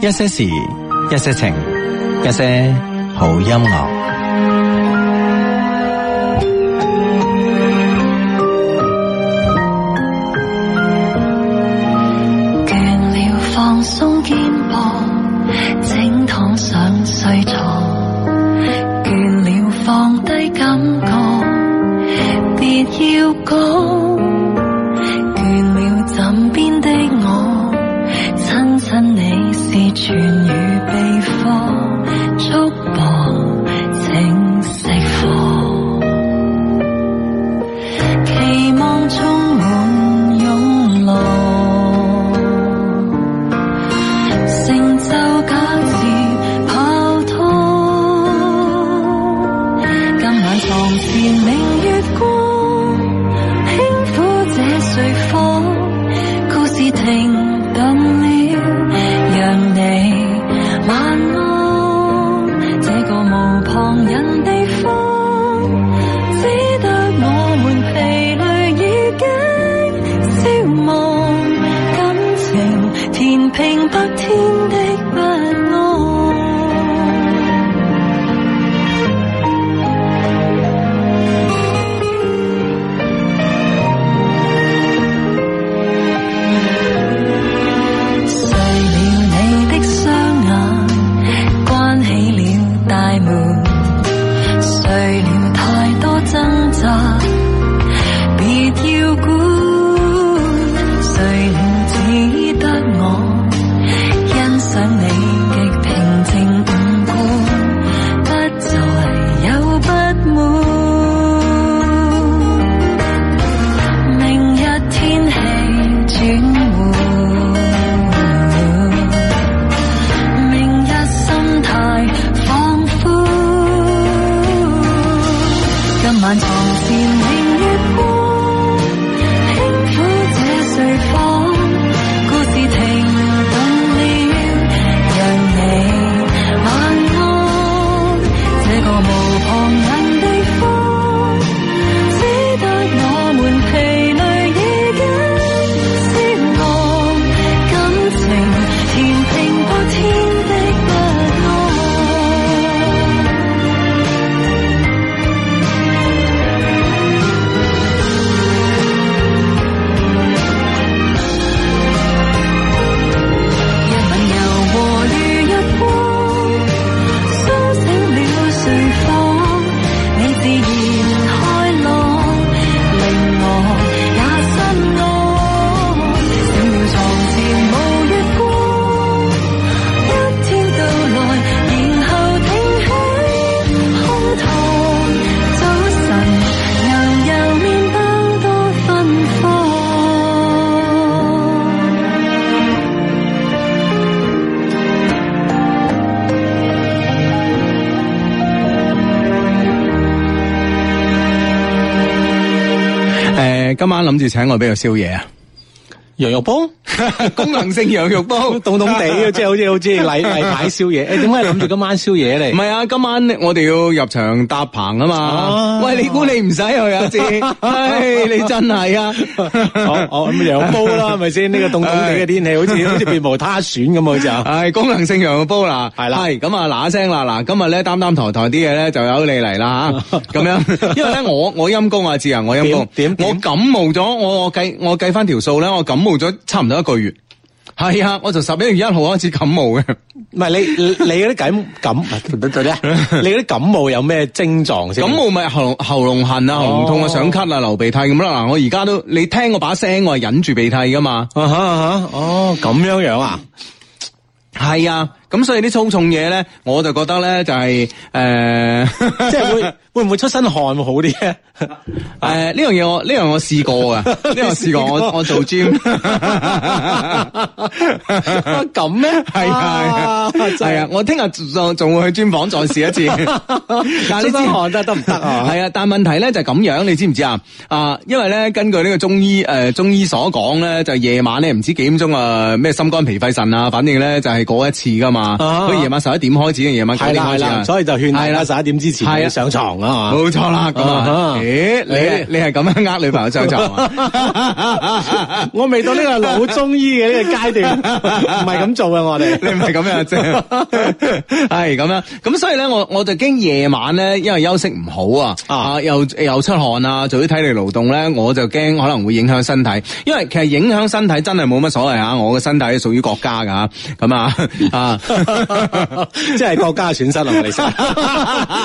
一些事，一些情，一些好音樂。諗住請我邊度宵夜啊？羊肉煲。功能性羊肉煲，凍凍地嘅，即係好似好似例例擺宵夜。誒，點解諗住今晚宵夜嚟？唔係啊，今晚我哋要入場搭棚啊嘛。喂，你估你唔使去啊？智，你真係啊。哦哦，咁羊肉煲啦，係咪先？呢個凍凍地嘅天氣，好似別無他選咁，就係功能性羊肉煲啦。係啦，咁啊嗱聲啦，嗱，今日咧擔擔抬抬啲嘢咧，就由你嚟啦吓。咁樣，因為咧我我陰公啊，智啊，我陰公，點點我感冒咗，我我計我計翻條數咧，我感冒咗差唔多。個月係啊，我就十一月一號開始感冒嘅，唔係你你嗰啲感 感唔得咗。你啲感冒有咩症狀先？感冒咪喉喉嚨痕啊，喉嚨痛啊，想咳啊，流鼻涕咁啦。嗱，我而家都你聽我把聲，我係忍住鼻涕噶嘛。啊啊啊、哦咁樣樣啊，係啊。咁所以啲粗重嘢咧，我就覺得咧就係、是、誒、呃，即係會 會唔會出身汗會好啲咧？誒、 呃，呢樣嘢我呢樣、這個、我試過啊呢個試過 我我做 gym 咁咧係係係啊！我聽日仲仲會去專房再試一次， 但知 出身汗得得唔得啊？係啊！但係問題咧就係咁樣，你知唔知啊？啊，因為咧根據呢個中醫誒、呃、中醫所講咧，就係夜晚咧唔知幾點鐘啊咩心肝脾肺腎啊，反正咧就係、是、過一次噶嘛。啊！佢夜晚十一點開始嘅，夜晚九點開始，所以就勸係啦，十一點之前上床，上床啊，冇錯啦，咁啊？咦、欸？你你係咁樣呃女朋友上床。 我未到呢個老中醫嘅呢、這個階段，唔係咁做嘅我哋，你唔係咁樣啫，係咁樣。咁、 啊、所以咧，我我就驚夜晚咧，因為休息唔好啊，啊，啊又又出汗啊，做啲體力勞動咧，我就驚可能會影響身體。因為其實影響身體真係冇乜所謂吓、啊，我嘅身體係屬於國家噶咁啊啊。 即係國家嘅損失啊， 啊、就是、啊，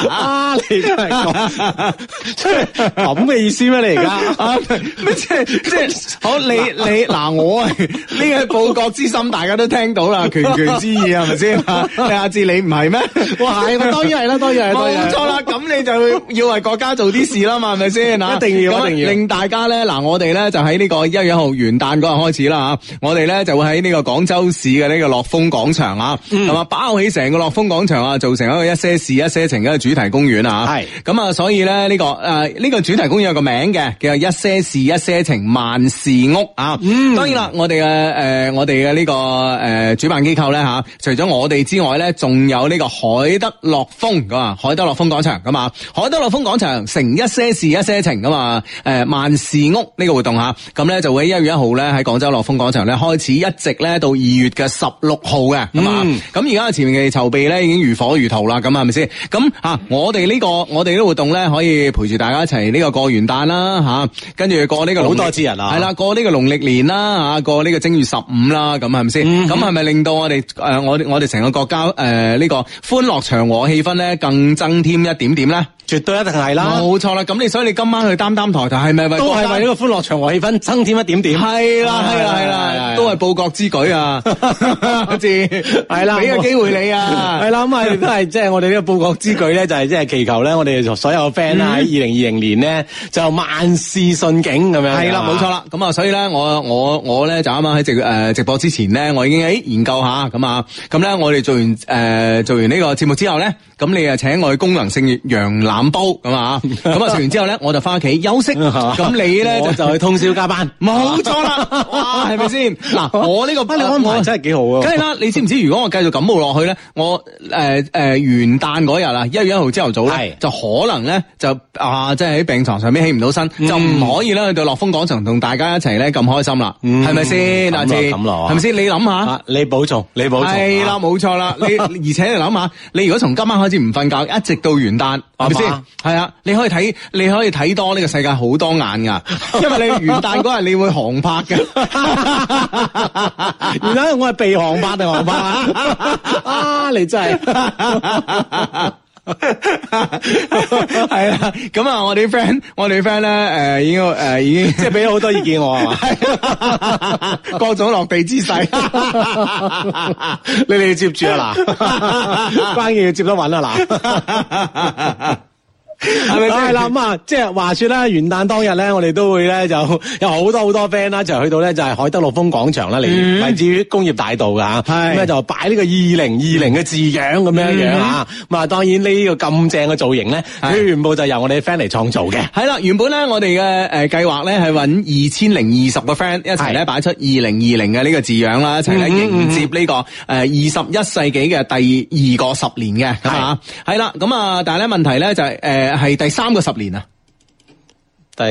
啊！我哋啊你真係咁嘅意思咩？你而家即係即係好你你嗱我呢個報國之心，大家都聽到啦，拳拳之意係咪先？李亞智，啊、你唔係咩？哇係，當然係啦，當然係，冇錯啦。咁、啊、你就要為國家做啲事啦嘛，係咪先？嗱，一定要，令大家咧嗱、啊，我哋咧就喺呢個一月一號元旦嗰日開始啦吓，我哋咧就會喺呢個廣州市嘅呢個樂豐廣場吓。啊咁、嗯、啊，包起成個樂豐廣場啊，做成一個一些事、一些情嘅主題公園啊，係咁啊，所以咧、這、呢個誒呢、呃這個主題公園有個名嘅，叫做一些事、一些情、萬事屋啊。嗯，當然啦，我哋嘅誒我哋嘅呢個誒、呃、主辦機構咧吓、啊，除咗我哋之外咧，仲有呢個海德樂豐噶嘛，海德樂豐廣場噶嘛、啊，海德樂豐廣場成一些事、一些情㗎嘛，誒、啊啊、萬事屋呢個活動吓，咁、啊、咧、啊、就會喺一月一號咧喺廣州樂豐廣場咧開始，一直咧到二月嘅十六號嘅咁啊。咁而家前面嘅籌備咧，已經如火如荼啦，咁係咪先？咁我哋呢、呢個我哋啲活動咧，可以陪住大家一齊呢個過元旦啦，跟住過呢個好多節日啦，係啦，過呢個農曆年啦，過呢個正月十五啦，咁係咪先？咁係咪令到我哋我我哋成個國家呢、呃呢個歡樂祥和氣氛咧，更增添一點點咧？絕對一定係啦，冇錯啦。咁你所以你今晚去擔擔台台，係咪都係為呢個歡樂祥和氣氛增添一點點？係啦，係啦，係啦，都係報國之舉啊！好似 係啦。俾個機會你啊，係 啦，咁啊都係，即係我哋呢個報國之舉咧，就係即係祈求咧，我哋所有 friend 啦喺二零二零年咧就萬事順景咁樣、啊。係、嗯、啦，冇錯啦。咁啊，所以咧，我我我咧就啱啱喺直直播之前咧，我已經誒研究下咁啊。咁咧，我哋做完、呃、做完呢個節目之後咧。咁你啊，請我去功能性羊腩煲咁啊，咁啊食完之後咧，我就翻屋企休息。咁 你咧就就去通宵加班，冇 錯啦，係咪先？嗱、啊，我呢個幫你安排真係幾好啊！梗係啦，你知唔知？如果我繼續感冒落去咧，我誒誒、呃呃、元旦嗰日啦，一月一號朝頭早咧，就可能咧就啊，即係喺病床上面起唔到身，嗯、就唔可以咧、嗯、去到樂峰廣場同大家一齊咧咁開心啦，係咪先？嗱，知咁落，係咪先？你諗下、啊，你保重！你保重、啊！係啦，冇錯啦。 你而且你諗下，你如果從今晚開始唔瞓覺，一直到元旦，係咪先？係啊，你可以睇，你可以睇多呢個世界好多眼噶，因為你元旦嗰日你會航拍嘅。而 家我係被航拍定航拍 啊？你真係。 係啦，咁啊，我哋啲 friend，我哋啲 friend 咧，誒、呃呃，已經，誒，已經，即係俾咗好多意見我啊嘛， 各種落地姿勢 你哋要接住啊嗱，關鍵要接得穩啊嗱。啦 係 咪不是？我係咁啊，即、就、係、是、話說元旦當日咧，我哋都會咧就有好多好多 friend 啦，就去到咧就係海德路風廣場啦，嚟、嗯，嚟至於工業大道噶吓，咁咧就擺呢個二零二零嘅字樣咁樣樣吓。咁、嗯、啊、嗯，當然呢個咁正嘅造型咧，全部就由我哋嘅 friend 嚟創造嘅。係啦，原本咧我哋嘅誒計劃咧係搵二千零二十個 friend 一齊咧擺出二零二零嘅呢個字樣啦，一齊咧迎接呢、這個誒、呃、二十一世紀嘅第二個十年嘅，係係啦，咁啊，但係咧問題咧就係、是、誒。呃係第三個十年是啊。第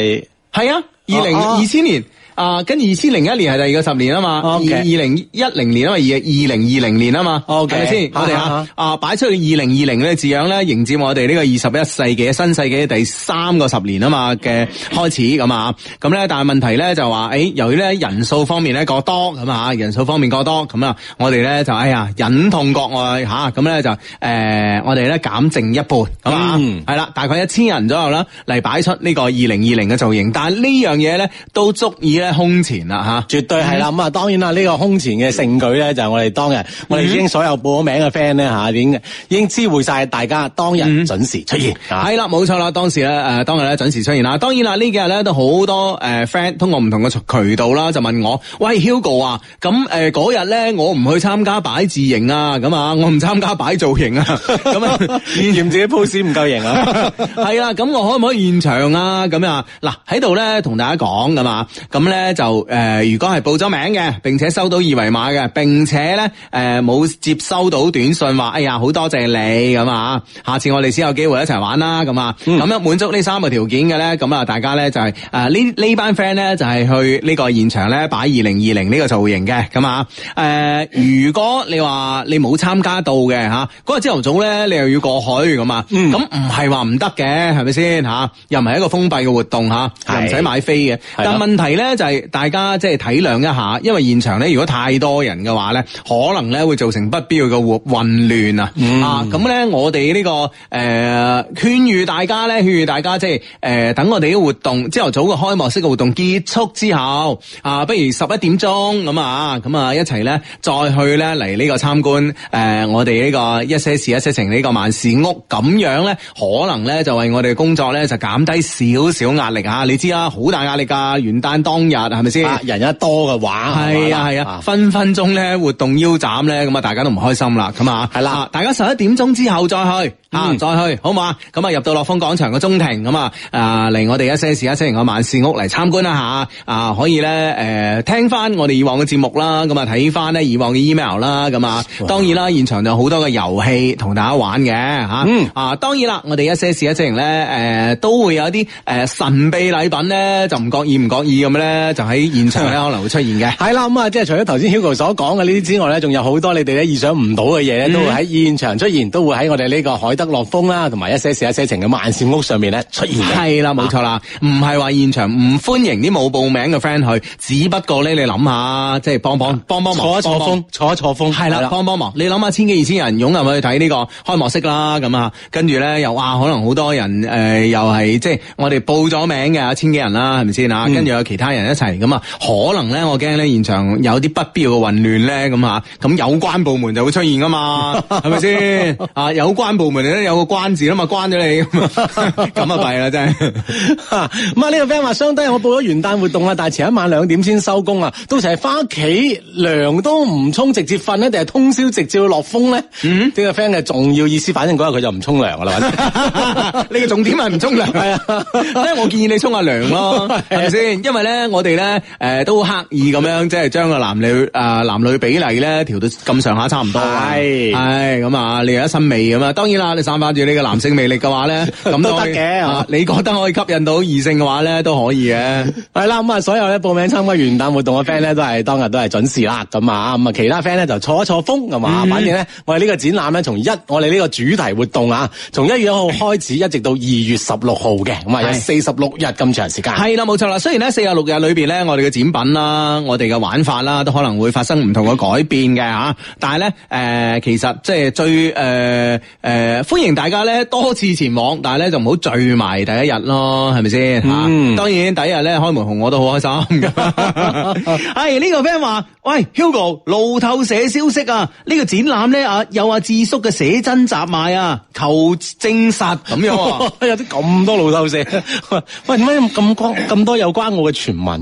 係啊，二零二零年。啊。啊，跟住二千零一年係第二個十年啊嘛，okay. 二二零一零年啊嘛，二二,二零二零年啊嘛，係、okay. 咪先？啊、我哋啊，啊擺出去二零二零呢個字樣咧迎接我哋呢個二十一世紀新世紀第三個十年啊嘛嘅開始咁啊，咁咧但係問題咧就話，誒、哎、由於咧人數方面咧過多，咁啊人數方面過多，咁啊我哋咧就哎呀忍痛割愛吓，咁、啊、咧就誒、呃、我哋咧減剩一半，咁啊係啦，大概一千人左右啦，嚟擺出呢個二零二零嘅造型，但係呢樣嘢咧都足以。咧空前啦嚇，絕對係啦。咁、嗯、啊當然啦，呢、這個空前嘅盛舉咧，就係我哋當日，嗯、我哋已經所有報咗名嘅 friend 咧嚇，已經已經知會曬大家當日準時出現。係、嗯、啦，冇錯啦，當時咧誒、呃、當日咧準時出現啦。當然啦，呢幾日咧都好多誒 friend、呃、通過唔同嘅渠道啦，就問我：喂 Hugo 啊，咁誒嗰日咧我唔去參加擺字型啊，咁啊我唔參加擺造型啊，咁啊嫌自己 pose 唔夠型啊。係 啦， 咁我可唔可以現場啊？咁啊嗱喺度咧同大家講咁啊咁咧。咧就誒、呃，如果係報咗名嘅，並且收到二維碼嘅，並且咧誒冇接收到短信話，哎呀好多謝你咁啊，下次我哋先有機會一齊玩啦咁啊，咁樣滿、嗯、足呢三個條件嘅咧，咁啊大家咧就係誒呢呢班 friend 咧就係去呢個現場咧擺二零二零呢個造型嘅咁啊誒，如果你話你冇參加到嘅吓，嗰日朝頭早咧你又要過去咁啊，咁唔係話唔得嘅係咪先吓？又唔係一個封閉嘅活動吓，又唔使買飛嘅，但問題咧就係大家即係體諒一下，因為現場咧如果太多人嘅話咧，可能咧會造成不必要嘅混亂啊、嗯！啊，咁咧我哋呢個誒勸、呃、喻大家咧，勸喻大家即係誒、呃、等我哋啲活動朝頭早嘅開幕式嘅活動結束之後啊，不如十一點鐘咁啊，咁啊，啊一齊咧再去咧嚟呢個參觀誒、啊、我哋呢個一些事一些情呢個萬事屋，咁樣咧可能咧就為我哋嘅工作咧就減低少少壓力啊！你知啦，好大壓力噶，元旦當。日係咪先？人一多嘅話，係啊係啊，啊分分鐘咧活動腰斬咧咁啊，大家都唔開心啦，咁啊係啦、啊啊、大家十一點鐘之後再去、嗯、啊再去好嘛？咁啊入到樂富廣場嘅中庭，咁啊啊嚟我哋一些事一些情嘅萬事屋嚟參觀一下，啊可以咧誒、呃、聽翻我哋以往嘅節目啦，咁啊睇翻咧以往嘅 email 啦，咁啊當然啦，現場就好多嘅遊戲同大家玩嘅，吓啊、嗯、啊當然啦，我哋一些事一些情咧誒、呃、都會有啲誒神秘禮品咧就唔覺意、唔覺意咁咧。就喺現場咧可能會出現嘅，係啦咁啊，即係除咗頭先 Hugo 所講嘅呢啲之外咧，仲有好多你哋咧意想唔到嘅嘢咧，都會喺現場出現，都會喺我哋呢個海德樂峯啦，同埋一些事一些情嘅萬事屋上面咧出現嘅。係啦，冇錯啦，唔係話現場唔歡迎啲冇報名嘅 friend 去，只不過咧你諗下，即、就、係、係、幫幫、啊、幫幫忙坐坐幫幫，坐一坐風，坐一坐風，係啦，幫幫忙。你諗下千幾二千人湧入去睇呢個開幕式啦，咁啊，跟住咧又話可能好多人、呃、又係即係我哋報咗名嘅千幾人啦，係咪先？跟住有其他人一齊咁啊，可能咧，我驚咧現場有啲不必要嘅混亂咧，咁咁有關部門就會出現噶嘛，係咪先？啊，有關部門有個關字啦嘛，關咗你咁 啊，弊啦真係。咁啊，呢個 friend 話，相低我報咗元旦活動啊，但係前一晚兩點先收工啊，到時都成日翻屋企，涼都唔沖，直接瞓咧，定係通宵直接落風咧？嗯，呢、這個 friend 嘅重要意思，反正嗰日佢就唔沖涼噶啦，呢 個或者 重點係唔沖涼，即 是、啊、 我建議你沖下涼咯，係咪先？ 因為咧我。我哋咧，都刻意咁樣，即係將個男女啊男女比例咧調到咁上下差唔多。係係咁啊，你有一身味咁啊。當然啦，你散發住呢個男性魅力嘅話咧，咁都得嘅、啊。你覺得可以吸引到異性嘅話咧，都可以嘅。係啦，咁啊，所有咧報名參加元旦活動嘅 friend 咧，都係當日都係準時啦。咁啊，咁啊，其他 friend 咧就坐一坐風咁啊。反正咧，我哋呢個展覽咧，從一我哋呢個主題活動啊，從一月一號開始，一直到二月十六號嘅，咁啊有四十六日咁長時間。係啦，冇錯啦。雖然咧四十六日女裏邊咧，我哋嘅展品啦，我哋嘅玩法啦，都可能會發生唔同嘅改變嘅啊！但係咧，誒、呃，其實即係最誒誒、呃呃，歡迎大家咧多次前往，但係咧就唔好聚埋第一日咯，係咪先？嗯，當然第一日咧開門紅我都好開心的。係 呢、 這個 friend 話，喂，Hugo 路透社消息啊，呢、這個展覽咧啊，有阿智叔嘅寫真集賣啊，求證實咁樣啊！有啲咁多路透社，喂，點解咁光咁多有關我嘅傳聞？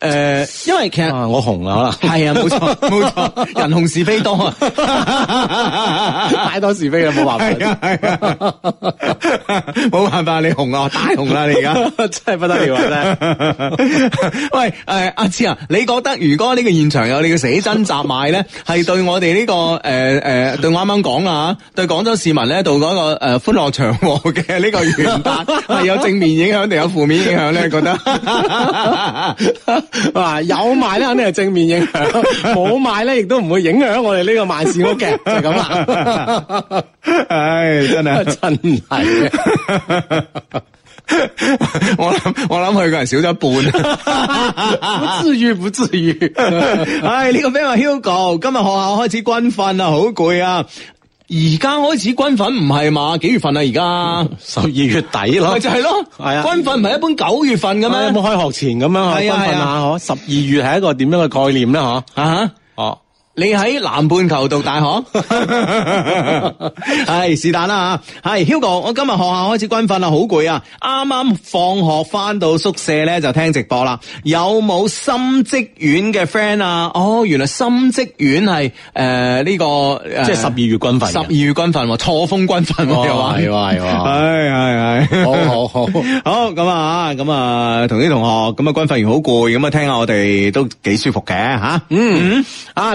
誒、呃，因為其實、啊、我紅啦，可能係啊，冇錯，冇 錯，人紅是非多啊， 太多是非啦，冇辦法。係啊，冇、啊、 辦法，你紅啊，我大紅啦，你而家 真係不得了啦！ 喂，誒、呃，阿、啊、志啊，你覺得如果呢個現場有你嘅寫真集賣咧，係 對我哋呢、這個誒誒、呃呃，對我啱啱講啊，對廣州市民咧度嗰個誒、呃、歡樂祥和嘅呢個元旦，係 有正面影響定有負面影響咧？ 覺得？哈哈哈哈 有賣咧，肯定係正面影響冇賣咧亦都唔會影響我哋呢個萬事屋嘅，就咁、是、啊！唉、 哎，真係真係，我諗我諗佢個人少咗一半， 唔至於，唔至於。唉、 哎，呢、這個咩啊？Hugo，今日學校開始軍訓啊，好攰啊！而家開始軍訓唔係嘛？幾月份、嗯、12月 咪就係啊？而家十二月底咯，咪就係咯，係啊！軍訓唔係一般九月份嘅咩？有冇開學前咁樣係軍訓嘛？嗬、啊，十二、啊、月係一個點樣嘅概念咧？吓、啊？Uh-huh. 啊嚇，哦。你喺南半球讀大學，係 是但啦吓。係 Hugo，我今日學校開始軍訓啦，好攰啊！啱啱放學翻到宿舍咧就聽直播啦。有冇深職院嘅 friend 啊？哦，原來深職院係誒呢個，呃、即係十二月軍訓。十二月軍訓，錯、呃、峰軍訓係嘛？係係係，好好好好咁啊！咁啊，同啲同學咁啊，軍訓完好攰，咁啊聽下我哋都幾舒服嘅吓。嗯，啊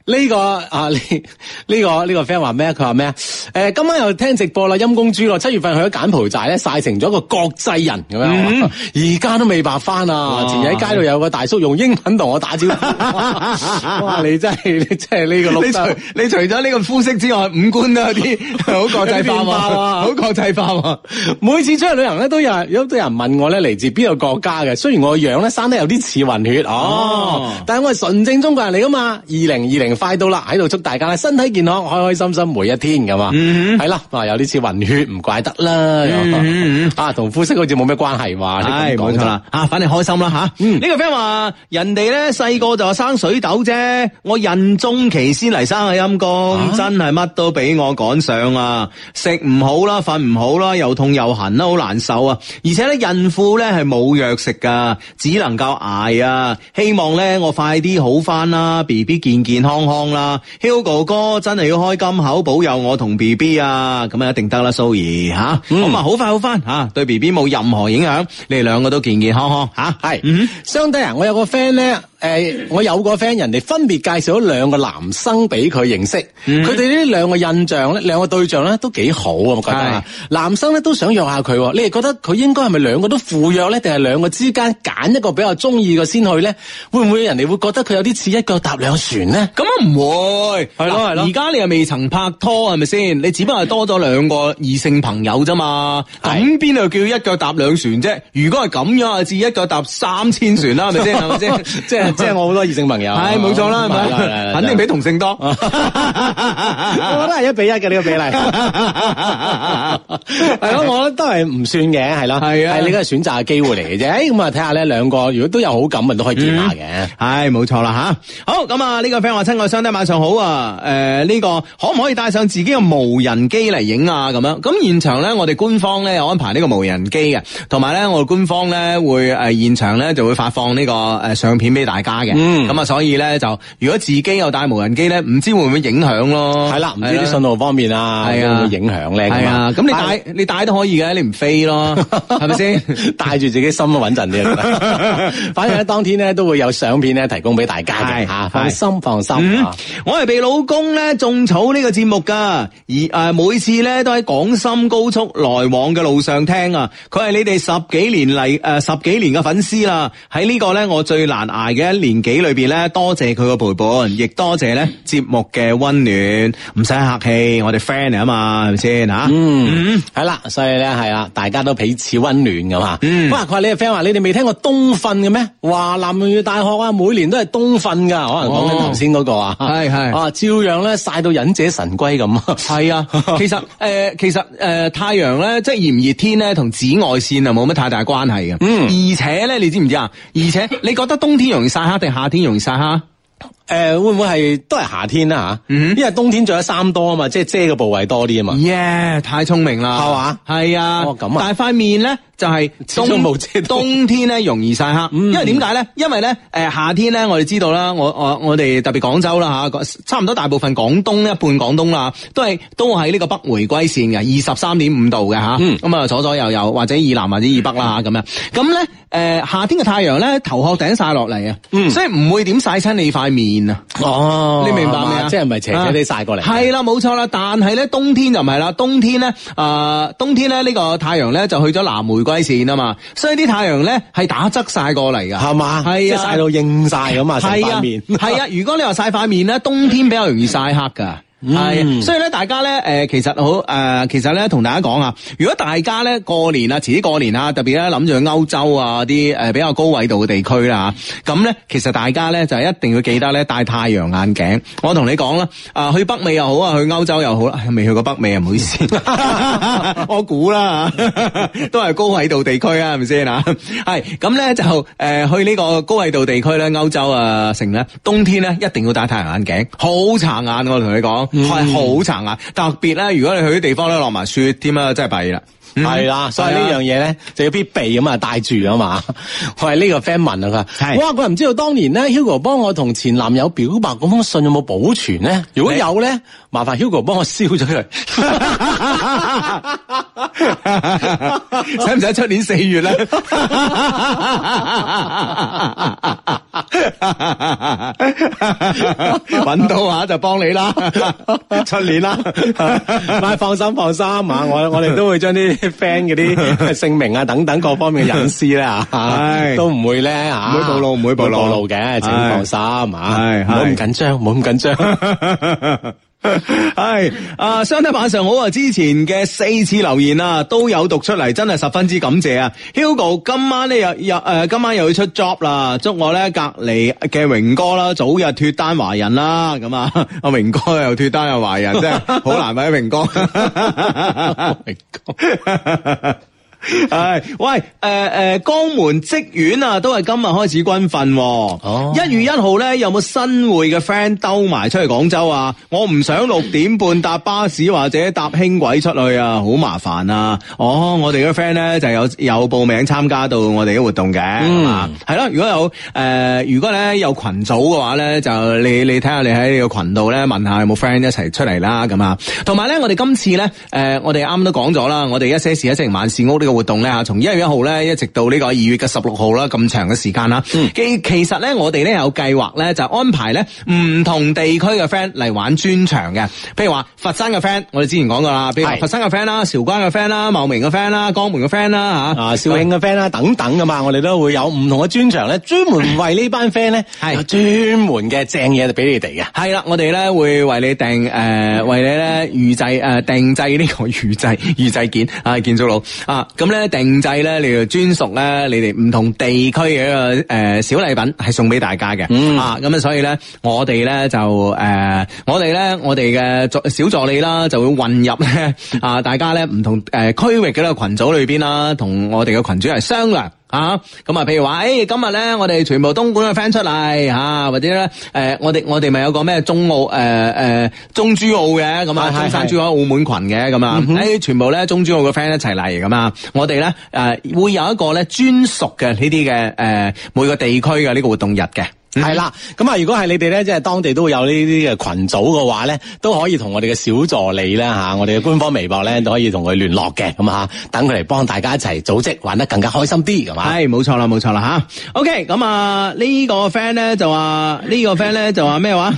呢、這個啊，呢、這、呢個呢、這個 friend 話咩？佢話咩啊？誒，今晚又聽直播啦，陰公豬咯，七月份去咗柬埔寨咧，曬成咗個國際人咁、嗯、樣，而家都未白翻！啊！前日喺街度有個大叔用英文同我打招呼，啊、哇哇哇你真係，你真係呢個老你除咗呢個膚色之外，五官都有啲好國際化好、 啊、國際化、啊、 每次出去旅行咧，都有有啲人問我咧嚟自邊個國家嘅，雖然我個樣咧生得有啲似混血哦，但係我係純正中國人嚟噶嘛，二零二零。快到啦！喺度祝大家咧身體健康，開開心心每一天咁啊！係、嗯、啦，有啲似混血唔怪得啦、嗯嗯，啊，同膚色好似冇咩關係話，係講錯啦。啊，反正開心啦吓。呢、啊嗯這個 friend 話人哋咧細個就話生水痘啫，我孕中期先嚟生陰啊，陰公真係乜都俾我趕上啊！食唔好啦，瞓唔好啦，又痛又痕啦，好難受啊！而且咧孕婦咧係冇藥食噶，只能夠挨啊！希望咧我快啲好翻啦，B B 健健康。康啦，Hugo 哥真係要開金口保佑我同 BB 啊，咁啊一定得啦，蘇怡吓，咁啊好快好翻吓，對 BB 冇任何影響，你哋兩個都健健康康吓，係，嗯哼，兄弟啊，我有個 friend 咧。誒、欸，我有個 friend，人哋分別介紹咗兩個男生俾佢認識，佢哋呢兩個印象咧，兩個對象咧都幾好啊，我覺得。男生咧都想約下佢，你哋覺得佢應該係咪兩個都赴約咧，定係兩個之間揀一個比較中意嘅先去咧？會唔會人哋會覺得佢有啲似一腳踏兩船咧？咁啊唔會，係咯係咯。而家你又未曾拍拖係咪先？你只不過係多咗兩個異性朋友咋嘛？咁邊度叫一腳踏兩船啫？如果係咁樣，就似一腳踏三千船啦，係咪先？係咪先？即係。即係我好多異性朋友，係冇錯啦，係咪？肯定比同性多。 我覺得係一比一嘅呢、這個比例。係 咯， 我覺得都係唔算嘅，係啦係啊，呢 個選擇嘅機會嚟嘅啫。咁啊，睇下呢兩個如果都有好感啊，都可以見下嘅。係冇錯啦，吓、 嗯。好，咁啊，呢個 friend 話親愛，兄弟晚上好啊。誒、呃，呢、這個可唔可以帶上自己嘅無人機嚟影啊？咁樣咁現場咧，我哋官方咧有安排呢個無人機嘅，同埋咧我哋官方咧會誒、呃、現場咧就會發放呢、這個誒相、呃、片俾大。嘅，咁啊，所以咧就如果自己有帶無人機咧，唔知會唔會影響咯？係啦，唔知啲信號方面啊，係啊，有冇影響咧。係啊，咁你帶你帶都可以嘅，你唔飛咯，係咪先？帶 住自己心穩陣啲。 反正呢，當天咧都會有相片咧提供俾大家嘅吓、啊，放心放心、嗯、啊！我係被老公咧種草呢個節目噶，而誒、呃、每次咧都喺廣深高速來往嘅路上聽啊，佢係你哋十幾年嚟誒、呃、十幾年嘅粉絲啦，喺呢個咧我最難捱嘅。一年幾裏邊咧，多謝佢個陪伴，亦多謝咧節目嘅温暖，唔使客氣，我哋 friend 嚟啊嘛，係咪先啊？嗯，係、嗯、啦，所以咧係啊，大家都彼此温暖噶嘛。嗯，哇，佢話你哋 friend 話你哋未聽過冬訓嘅咩？華南農業大學啊，每年都係冬訓噶，可能講緊頭先嗰個、哦、啊，係係啊，照樣咧晒到忍者神龜咁啊。係 啊、呃，其實誒，其實誒，太陽咧即係炎熱天咧，同紫外線係冇乜太大關係嘅。嗯，而且咧，你知唔知啊？而且你覺得冬天容易曬？曬黑定夏天容易曬黑？誒、呃，會唔會係都係夏天啊？吓？嗯，因為冬天着嘅衫多啊嘛，即係遮嘅部位多啲啊嘛。耶、yeah，太聰明啦，係嘛？係啊，哦咁啊，但係塊面咧？就係、是、冬冬天咧容易曬黑、嗯，因為為什麼呢，因為點解咧？因為咧，誒，夏天咧，我哋知道啦，我我我哋特別廣州啦吓，差唔多大部分廣東一半廣東啦，都係都喺呢個北回歸線嘅二十三點五度嘅吓，咁、嗯、啊、嗯、左左右右或者以南或者以北啦吓，咁、嗯、樣，咁咧，誒，夏天嘅太陽咧頭殼頂曬落嚟啊，嗯、所以唔會點曬親你塊面啊，哦，你明白未？即係唔係斜斜地曬、啊、過嚟、啊？係啦，冇錯啦，但係咧冬天就唔係啦，冬天咧，誒、呃，冬天咧呢、這個太陽咧就去咗南回歸。所以啲太陽係打側曬過嚟㗎係嘛，啊，即係曬到應曬㗎嘛，曬面，啊，啊。如果你話曬塊面，冬天比較容易曬黑噶。係，所以咧，大家咧，誒，其實好，誒，其實咧，同大家講啊，如果大家咧過年啊，遲啲過年啊，特別咧諗住去歐洲啊，啲誒比較高緯度嘅地區啦，吓，咁咧，其實大家咧就一定要記得咧戴太陽眼鏡。我同你講啦，啊，去北美又好啊，去歐洲又好啦，未去過北美啊，唔好意思，我估啦吓，都係高緯度地區啊，係咪先啊？係，咁咧就誒去呢個高緯度地區咧，歐洲啊，成咧冬天咧一定要戴太陽眼鏡，好殘眼，我同你講。係好殘啊！特別咧，如果你去啲地方咧，落埋雪添啊，真係弊啦。係、嗯、啦，所以這呢樣嘢咧就要必備咁啊，帶住啊嘛。我係呢個 fan 問啊，佢哇，佢唔知道當年咧，Hugo 幫我同前男友表白嗰封信有冇保存咧？如果有咧，麻煩 Hugo 幫我燒咗佢，使唔使出年四月咧？搵 到啊就幫你啦，出 年啦了，快 放心放心啊！我我哋都會將啲。啲 friend 嗰啲姓名啊等等各方面嘅隱私呢，都、啊、唔會咧，唔會暴露，唔會暴露嘅，請放心，唔好咁緊張，唔好咁緊張。 係、 哎，啊，相弟晚上好啊！之前嘅四次留言啊，都有讀出嚟，真係十分之感謝啊！Hugo 今晚咧又又誒，今晚又要出 job 啦，祝我咧隔籬嘅榮哥啦，早日脱單華人啦，咁啊，阿、啊、榮哥又脱單又華人， 真係好難為啊，榮哥。 oh my God. 哎、喂，誒、呃、誒、呃，江門職院啊，都係今日開始軍訓、啊。哦，一月一號咧，有冇新會嘅 friend 兜埋出去廣州啊？我唔想六點半搭巴士或者搭輕軌出去啊，好麻煩啊。哦，我哋嘅 friend 咧就有有報名參加到我哋嘅活動嘅，係嘛？mm. 係咯，如果有誒、呃，如果咧有群組嘅話咧，就你你睇下你喺個群度咧問下有冇 friend 一齊出嚟啦，咁啊。同埋咧，我哋今次咧，誒、呃，我哋啱都講咗啦，我哋一些事一城萬事屋呢。活動咧吓，從一月一號咧一直到呢個二月嘅十六號啦，咁長嘅時間啊、嗯。其其實咧，我哋咧有計劃咧就安排咧唔同地區嘅 friend 嚟玩專場嘅，譬如話佛山嘅 friend，我哋之前講過啦，譬如佛山嘅 friend 啦、韶關嘅 friend 啦、茂名嘅 friend 啦、江門嘅 friend 啦吓，啊肇慶嘅 friend 啦等等噶嘛，我哋都會有唔同嘅專場咧，專門為呢班 friend 咧係專門嘅正嘢俾你哋嘅。係啦，我哋咧會為你訂誒、呃，為你咧預、呃、製誒訂製呢個預製預製件啊，建築佬啊。咁咧定製咧，你要專屬咧，你哋唔同地區嘅一個、呃、小禮品係送俾大家嘅，啊、嗯，咁啊，所以咧，我哋咧就誒、呃，我哋咧，我哋嘅助小助理啦，就會混入咧啊，大家咧唔同、呃、區域嘅一個群組裏邊啦，同我哋嘅群組嚟商量。啊，咁啊，譬如話，誒，今日咧，我哋全部東莞嘅 friend 出嚟，吓、啊、或者咧，誒、呃，我哋我哋咪有個咩中澳誒誒、呃、中珠澳嘅，咁啊，對對對，中山珠澳、澳門群嘅，咁啊、嗯，全部咧中珠澳嘅 friend 一齊嚟咁啊，我哋咧誒會有一個咧專屬嘅呢啲嘅誒每個地區嘅呢個活動日嘅。係、嗯、啦，咁啊，如果係你哋咧，即係當地都會有呢啲嘅群組嘅話咧，都可以同我哋嘅小助理咧吓，我哋嘅官方微博咧都可以同佢聯絡嘅，咁啊，等佢嚟幫大家一齊組織玩得更加開心啲，係、嗯、嘛？係，冇錯啦，冇錯啦，吓。OK，咁啊，呢、這個 friend 咧就話，呢個 friend 咧就話咩話？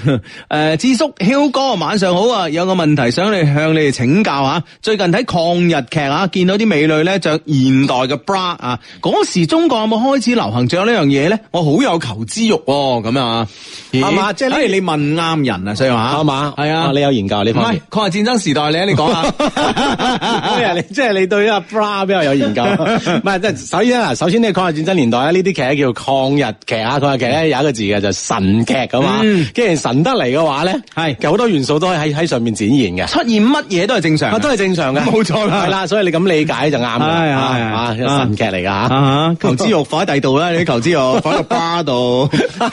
誒，智叔，囂哥，晚上好啊！有個問題想你向你哋請教啊。最近睇抗日劇啊，見到啲美女咧着現代嘅 bra 啊，嗰時中國有冇開始流行着呢樣嘢咧？我好有求知欲。哦，咁啊，係、欸、嘛，即係，你問啱人啊，所以話，係嘛，係啊，啊、哦，你有研究呢方面。抗日戰爭時代咧，你講下，即 係 你，就是、你對阿布 a 比較有研究。唔 係，即係首先啦，首先呢抗日戰爭年代呢啲劇咧叫做抗日劇啊，抗日劇咧有一個字嘅就是、神劇噶嘛。既然神得嚟嘅話咧，係好多元素都可以喺喺上面展現嘅，出現乜嘢都係正常的、啊，都係正常嘅，冇錯啦。係啦，所以你咁理解就啱啦，係 啊，啊神劇嚟噶吓。求知欲放喺第度啦，你啲求知欲放喺個 a 度。啊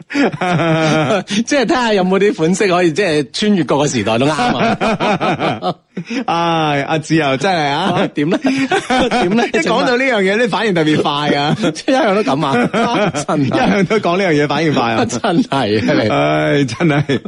啊、 即係睇下有冇啲款式可以即係、就是、穿越過嗰個時代都啱啊！阿阿志又真係啊？點咧？點咧？啊、 一講到呢樣嘢， 你反應特別快啊！即 係一向都咁啊！真一向都講呢樣嘢，反應快啊！ 真係啊！你、哎！唉，真係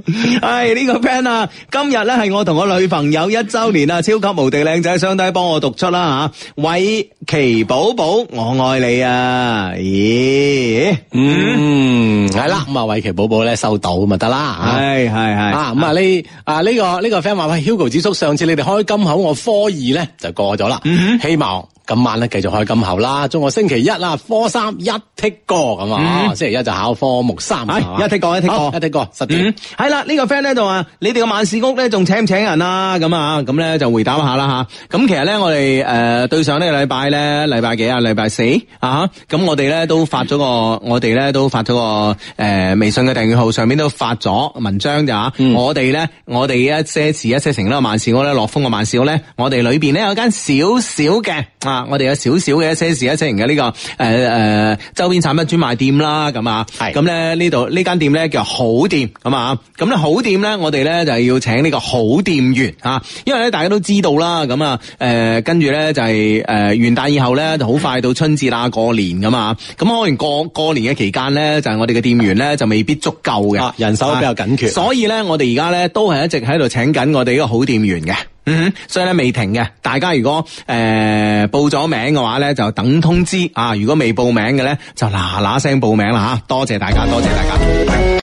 唉，呢、 哎這個 friend 啊，今日咧係我同我女朋友一周年啊、嗯！超級無敵靚仔，上帝幫我讀出啦、啊、吓，喂、啊、奇寶寶，我愛你啊！咦？嗯，係、嗯、啦。嗯咁啊，偉琪寶寶咧收到咁啊，得啦，係係係啊，咁啊呢啊呢個呢個 friend 話喂，Hugo 子叔，上次你哋開金口，我科二咧就過咗啦，嗯哼，希望。今晚咧繼續開咁喉啦，中國星期一啊科三一剔 i 過咁啊，星期一就考科目三、嗯，一剔 i 過一剔 i 過一 t 過，十點、啊。係啦、啊，呢、嗯這個 friend 咧就話你哋個萬事屋咧仲請唔請人啊？咁啊，咁咧就回答一下啦吓。咁、嗯、其實咧我哋誒、呃、對上呢個禮拜咧禮拜幾啊？禮拜四啊，咁我哋咧都發咗個、嗯、我哋咧都發咗個誒、呃、微信嘅訂閱號上面都發咗文章咋、嗯？我哋咧我哋一些事一些情啦，萬事屋咧落風個萬事屋咧，我哋裏邊咧有間少少嘅。我哋有少少嘅一些事的、這個、一些情嘅呢個誒誒周邊產品專賣店啦，咁啊，係咁咧呢度呢間店咧叫好店，咁啊，咁咧好店咧我哋咧就要請呢個好店員啊，因為咧大家都知道啦，咁啊誒跟住咧就係誒元旦以後咧就好快到春節啦，過年㗎嘛，咁可能過過年嘅期間咧就係、是、我哋嘅店員咧就未必足夠嘅、啊，人手比較緊缺、啊，所以咧我哋而家咧都係一直喺度請緊我哋呢個好店員嘅。嗯哼，所以咧未停嘅，大家如果誒、呃、報咗名嘅話咧，就等通知啊！如果未報名嘅咧，就嗱嗱聲報名啦吓！多謝大家，多謝大家。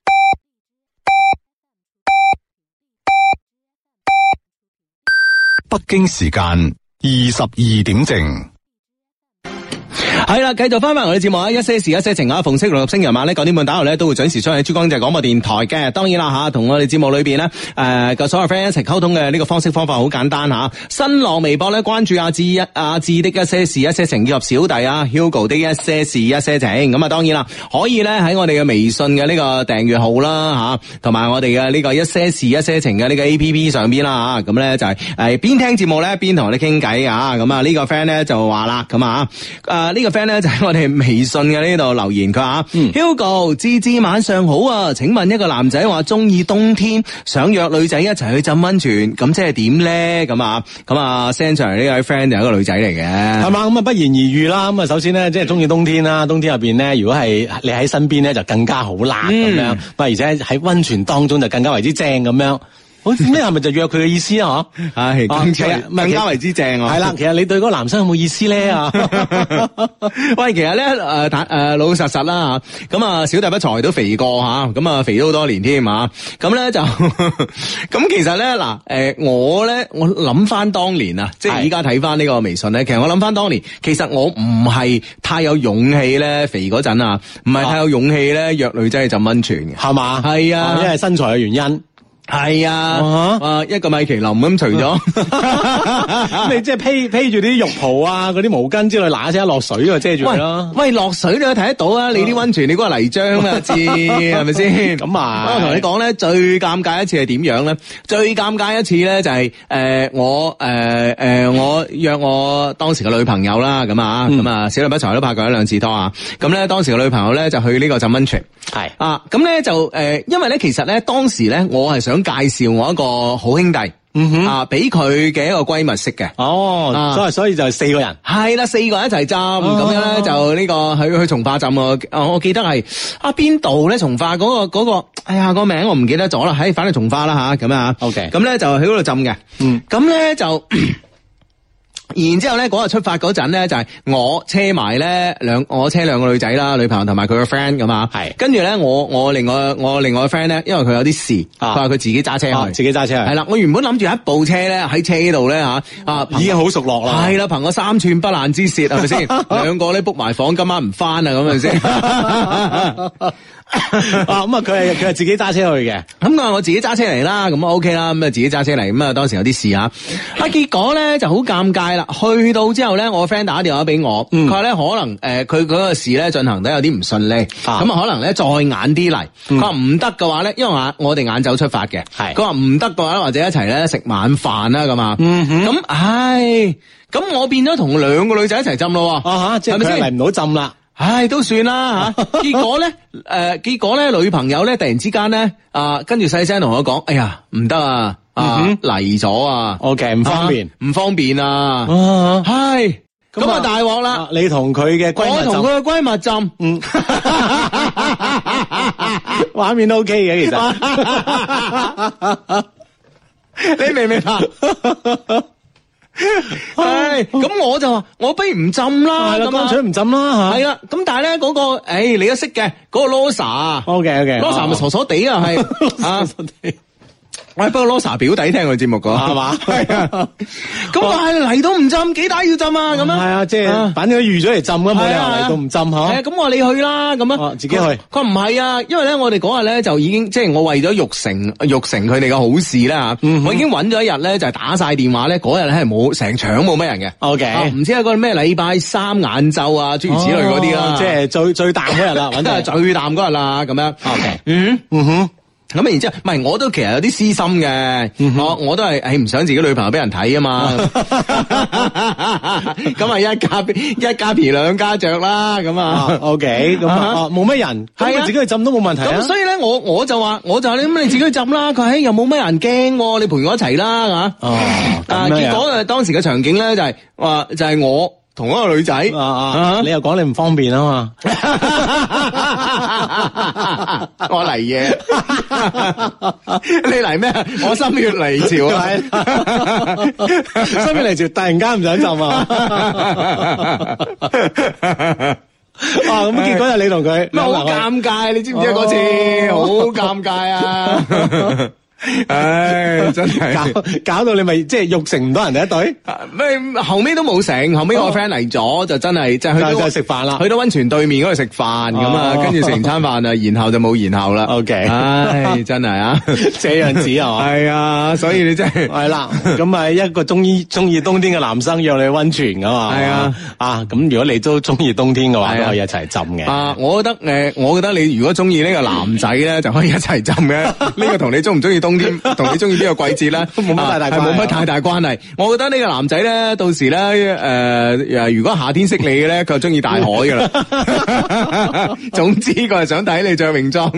北京時間二十二點正。係啦，繼續返返我哋節目啊！一些事一些情啊，逢星期六星期日晚呢九點半打嚟，咧都會準時出喺珠江台廣播電台嘅。當然啦吓，同我哋節目裏邊咧、誒個所有 friend 一齊溝通嘅呢個方式方法好簡單吓，啊。新浪微博咧關注阿志一阿志的一些事一些情以及小弟啊 Hugo 的一些事一些情咁啊。當然啦，可以咧喺我哋嘅微信嘅呢個訂閱號啦吓，同，啊，埋我哋嘅呢個一些事一些情嘅呢個 APP 上邊啦吓。咁，啊，咧，嗯，就係，是，誒、呃、邊聽節目咧邊同你傾偈啊。咁，這個，啊呢、這個 friend 咧就話啦咁啊誒呢個咧就喺我哋微信嘅呢度留言佢話、嗯、，Hugo 芝芝晚上好啊，請問一個男仔話中意冬天，想約女仔一齊去浸溫泉，咁即係點咧？咁啊，咁啊 send 上嚟呢位 friend 就係一個女仔嚟嘅，係咪？咁啊不言而喻啦。咁啊首先咧即係中意冬天啦，冬天入邊咧如果係你喺身邊咧就更加好冷咁樣，唔、嗯、而且喺溫泉當中就更加為之正咁樣。好似咩係咪，就約佢嘅意思 啊？嗬，係咁樣，更加為之正咯、啊。係 啦，其實你對嗰個男生有冇意思咧啊？ 喂，其實咧，誒、呃，誒、呃，老老實實啦，咁啊，小弟不才都肥過吓，咁啊，肥咗好多年添啊。咁咧就咁、啊啊，其實咧嗱，誒、啊，我咧，我諗翻當年啊，即係而家睇翻呢個微信咧，其實我諗翻當年，其實我唔係太有勇氣咧，肥嗰陣啊，唔係太有勇氣咧約女仔去浸温泉嘅，係嘛？係啊，因為身材嘅原因。係啊，啊一個米其林咁除咗，啊、 你即係披披住啲浴袍啊，嗰啲毛巾之類，嗱一聲落水啊，遮住咯。喂，落水你都睇得到啊！你啲溫泉，你嗰個泥漿啊，知係咪先？咁 啊，我同你講咧，最尷尬一次係點樣咧？最尷尬一次咧就係、是、誒、呃，我誒誒、呃，我約我當時嘅女朋友啦，咁啊，咁、嗯、啊，小弟不才都拍過一兩次拖啊。咁咧當時嘅女朋友咧就去呢個浸溫泉，係啊，咁咧就誒、呃，因爲咧其實咧當時咧我係想。介紹我一個好兄弟，啊，俾佢嘅一個閨蜜識嘅。哦，所以所以就係四個人，係啦，四個人一齊浸咁樣咧，就呢個去去從化浸。我我記得係啊邊度咧？從化嗰個嗰個，哎呀個名我唔記得咗啦。喺反正從化啦吓，咁樣吓，OK，咁咧就喺嗰度浸嘅。嗯，咁咧就。然之後咧，嗰日出發嗰陣咧，就係、是、我車埋咧兩，我車兩個女仔啦，女朋友同埋佢個 friend 咁啊。係，跟住咧，我我另外我另外個 friend 咧，因為佢有啲事，佢話佢自己揸車去、啊，自己揸車去。係啦，我原本諗住一部車咧喺車度咧吓，啊已經好熟落啦。係啦，憑我三寸不爛之舌，係咪先？兩個咧 book 埋房，今晚唔返啊，咁樣先。啊咁啊，佢係佢係自己揸車去嘅。咁 我我自己揸車嚟啦，咁啊 OK 啦。咁啊自己揸車嚟，咁啊當時有啲事吓、啊。啊結果咧就好尷尬啦。去到之後咧，我 friend 打電話俾我，佢話咧可能誒佢嗰個事咧進行得有啲唔順利，咁啊可能咧再晏啲嚟。佢、嗯、話唔得嘅話咧，因為我哋晏晝出發嘅，係佢話唔得嘅話，或者一齊咧食晚飯啦咁啊。咁、嗯、唉，咁我變咗同兩個女仔一齊浸咯。啊吓，即係佢嚟唔到浸啦。係咪先 唉，都算啦吓、 呃。結果咧，誒，結果咧，女朋友咧，突然之間咧，啊，跟住細聲同我講，哎呀，唔得啊，啊嚟咗啊、嗯，OK，唔方便，唔、啊、方便啊。啊唉，咁啊大鑊啦，你同佢嘅閨蜜我同佢嘅閨蜜浸，嗯，畫 面都 OK 嘅，其實， 你明唔白明？ 咁 我就話，我不如唔浸啦，咁、係啦、啊，乾脆唔浸啦吓。係咁但係咧嗰個，誒、哎，你都識嘅嗰、嗰個 loser，ok ok，loser、okay, okay, 咪、啊、傻傻地 是 啊，係啊。我係不過 Losa 表弟聽佢節目講係嘛，係 啊，咁我係嚟到唔浸，幾大要浸啊，咁、嗯嗯、啊，係、就是、啊，即係反正預咗嚟浸噶，冇理由嚟到唔浸吓。係、嗯嗯、啊，咁我話你去啦，咁啊，自己去。佢唔係啊，因為咧，我哋嗰日咧就已經即係、就是、我為咗玉成玉 成佢哋嘅好事啦、嗯、我已經揾咗一日咧就係、是、打晒電話咧，嗰日咧係冇成場冇咩人嘅。O K，唔知係個咩禮拜三晏晝啊，諸如此類嗰啲啦，即係最最淡嗰日啦，揾得最淡嗰日啦，咁樣。O K，嗯哼。 咁然之後，唔係我都其實有啲私心嘅、嗯，我我都係誒唔想自己女朋友俾人睇啊嘛，咁 啊 一家 一家皮兩 家着皮 啦，咁啊，OK，咁啊，冇、啊、咩、okay, 啊啊啊、人，係啊，自己去浸都冇問題、啊。咁所以咧，我我就話，我就話你自己去浸啦，佢、哎、又冇咩人驚，你陪我一齊啦，啊，係、啊、結果當時嘅場景咧就係、是、話就係、是、我。同一個女仔、啊啊，你又講你唔方便啊嘛？ 我嚟來嘢的， 你嚟咩什？ 我心血嚟潮啊！ 心血嚟潮，突然間唔想浸啊！哇、 啊！咁結果就你同佢，好尷尬，你知唔知嗰次？好、哦、尷尬啊！ 唉，真係搞到你咪即係肉食唔到人哋一對，咩後屘都冇成，後屘我 friend 嚟咗，就真係，就去到食飯啦，去到温泉對面嗰度食飯咁啊，跟住食完餐飯啊，然後就冇然後啦。O K，唉，真係啊，這樣子啊，係啊，所以你真係係啦，咁啊一個中意中意冬天嘅男生約你去温泉噶嘛，係啊，啊咁如果你都中意冬天嘅話，都可以一齊浸嘅。啊，我覺得誒，我覺得你如果中意呢個男仔咧，就可以一齊浸嘅。呢個同你中唔中意冬同你中意呢個季節咧，冇乜太大，冇乜太大關係。啊、大大關係 我覺得呢個男仔咧，到時咧，誒、呃，如果夏天識你嘅咧，佢就中意大海噶啦。 總之想你裝，佢係想睇你着泳裝。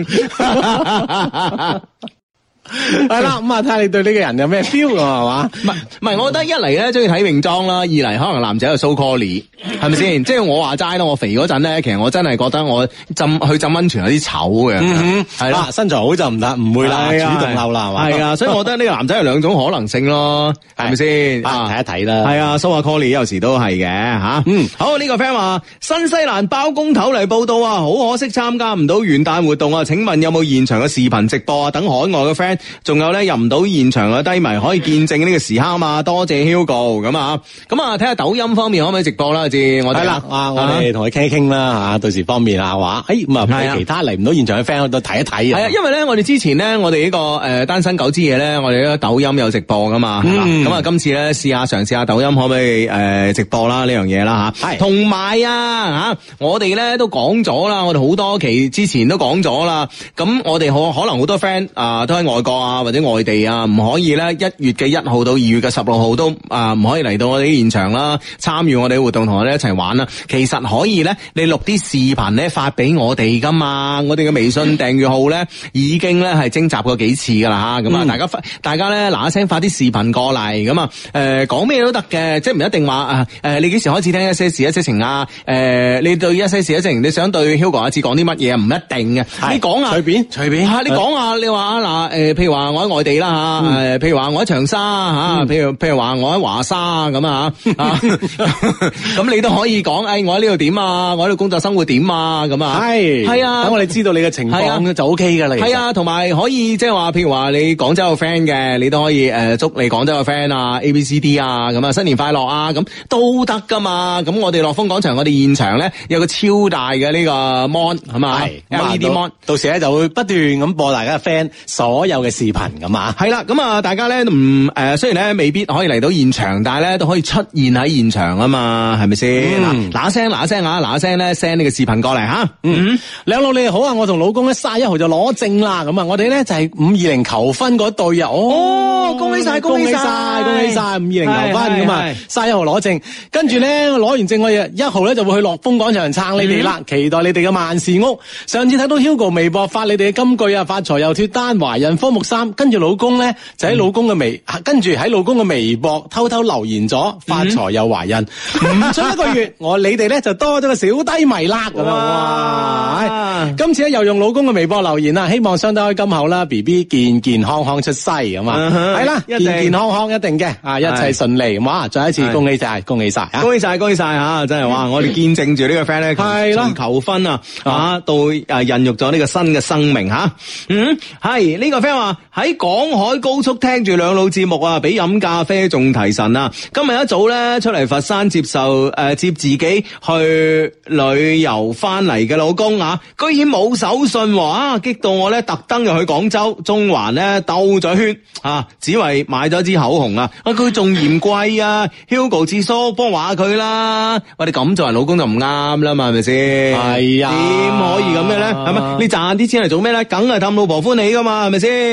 係 啦，咁啊睇你對呢個人有咩 feel 咯，係 嘛？唔係唔係，我覺得一嚟咧中意睇泳裝啦，二嚟可能男仔又 so c a l l，係咪先？即 係我話齋啦，我肥嗰陣咧，其實我真係覺得我浸去浸溫泉有啲醜嘅，係、嗯、啦、嗯啊，身材好就唔得，唔會啦、啊，主動嬲啦，係嘛？係啊，所以我覺得呢個男仔有兩種可能性咯，係咪先？啊，睇一睇啦，係啊，so c a l l 有時都係嘅，吓、啊，嗯，好呢、這個 friend 話新西蘭包工頭嚟報道啊，好可惜參加唔到元旦活動啊，請問有冇現場嘅視頻直播啊？等海外嘅 friend。仲有咧入唔到現場嘅低迷，可以見證呢個時刻啊嘛！多謝 Hugo 咁啊，咁啊睇下抖音方面可唔可以直播啦？先我係啦、啊，啊我哋同佢傾一傾啦嚇，到時方便啊話、啊，哎唔係，其他嚟唔到現場嘅 friend 都睇一睇。係啊，因為咧我哋之前咧我哋呢、呢個誒、呃、單身狗之夜咧，我哋咧抖音有直播噶嘛，咁、嗯、啊、嗯嗯、今次咧試下嘗試下抖音可唔可以、呃、直播啦呢樣嘢啦，係同埋啊我哋咧都講咗啦，我哋好多期之前都講咗啦，咁我哋可可能好多 friend 啊、呃、都喺啊或者外地啊唔可以咧，一月嘅一號到二月嘅十六號，都啊唔可以嚟到我哋現場啦參與我哋活動，同我哋一齊玩，啦其實可以咧你錄啲視頻咧發俾我哋噶嘛，我哋嘅微信訂閱號咧、嗯、已經咧係徵集過幾次噶啦吓，咁啊大家發、嗯、大家咧嗱，一聲發啲視頻過嚟，咁啊誒，講咩都得嘅，即係唔一定話誒、呃、你幾時開始聽一些事一些情啊，誒、呃、你對一些事一些情你想對 Hugo 一次講啲乜嘢啊，唔一定嘅，你講啊，隨便隨便吓，你講啊，你話啊，嗱誒。譬如話我喺外地啦吓、嗯，譬如話我喺長沙吓、嗯，譬如譬如話我喺華沙咁啊吓，咁、嗯 嗯、你都可以講，誒、哎、我喺呢度點啊，我喺度工作生活點啊，咁啊，係係啊，等我哋知道你嘅情況咧就 O K 噶啦，係啊，同埋、啊、可以即係話譬如話你廣州有 friend 嘅，你，可、呃你啊啊啊、都可以誒祝你廣州有 friend 啊 A B C D 啊咁啊新年快樂啊咁都得噶嘛，咁我哋樂峰廣場我哋現場咧有個超大嘅呢個 mon 係嘛，LED mon，到時咧就會不斷咁播大家嘅 friend 所有。嘅視頻咁啊，係啦，咁啊，大家咧唔誒，雖然咧未必可以嚟到現場，但係咧都可以出現喺現場啊嘛，係咪先？嗱，嗱嗱聲，嗱嗱聲啊，嗱嗱聲咧 send 呢個視頻過嚟吓。嗯，兩老你哋好啊，我同老公咧卅一號就攞證啦。咁啊，我哋咧就係五二零求婚嗰對啊。哦，恭喜晒，恭喜晒，恭喜晒，五二零求婚咁啊，卅一號攞證，跟住咧攞完證我哋一號咧就會去樂豐廣場撐你哋啦。期待你哋嘅萬事屋。上次睇到 Hugo 微博發你哋嘅金句啊，發財又脱單，華人福。木三跟住老公咧就喺老公嘅微，跟住喺老公嘅微博偷偷留言咗，發財又懷孕，唔出一個月我你哋咧就多咗個小低迷啦。咁啊哇，今次又用老公嘅微博留言啦，希望相得開今後啦，BB 健健康康出世。咁啊係啦，健健康康一定嘅啊，一切順利哇，再一次恭喜晒，恭喜晒，恭喜晒，恭喜晒吓，真係哇，我哋見證住呢個 friend 咧從求婚啊啊到誒孕育咗呢個新嘅生命吓，嗯係呢個 friend 話。喺廣海高速聽住兩老節目啊，比飲咖啡仲提神啊！今日一早咧出嚟佛山接受誒、呃、接自己去旅遊翻嚟嘅老公啊，居然冇手信話，啊激到我咧特登又去廣州中環咧兜咗圈啊，只為買咗一支口紅啊！佢仲嫌貴啊 ，Hugo 智叔幫話佢啦，喂，你咁做人老公就唔啱啦嘛，係咪先？係、哎、啊，點可以咁嘅咧？係咪你賺啲錢嚟做咩咧？梗係氹老婆歡喜噶嘛，係咪先？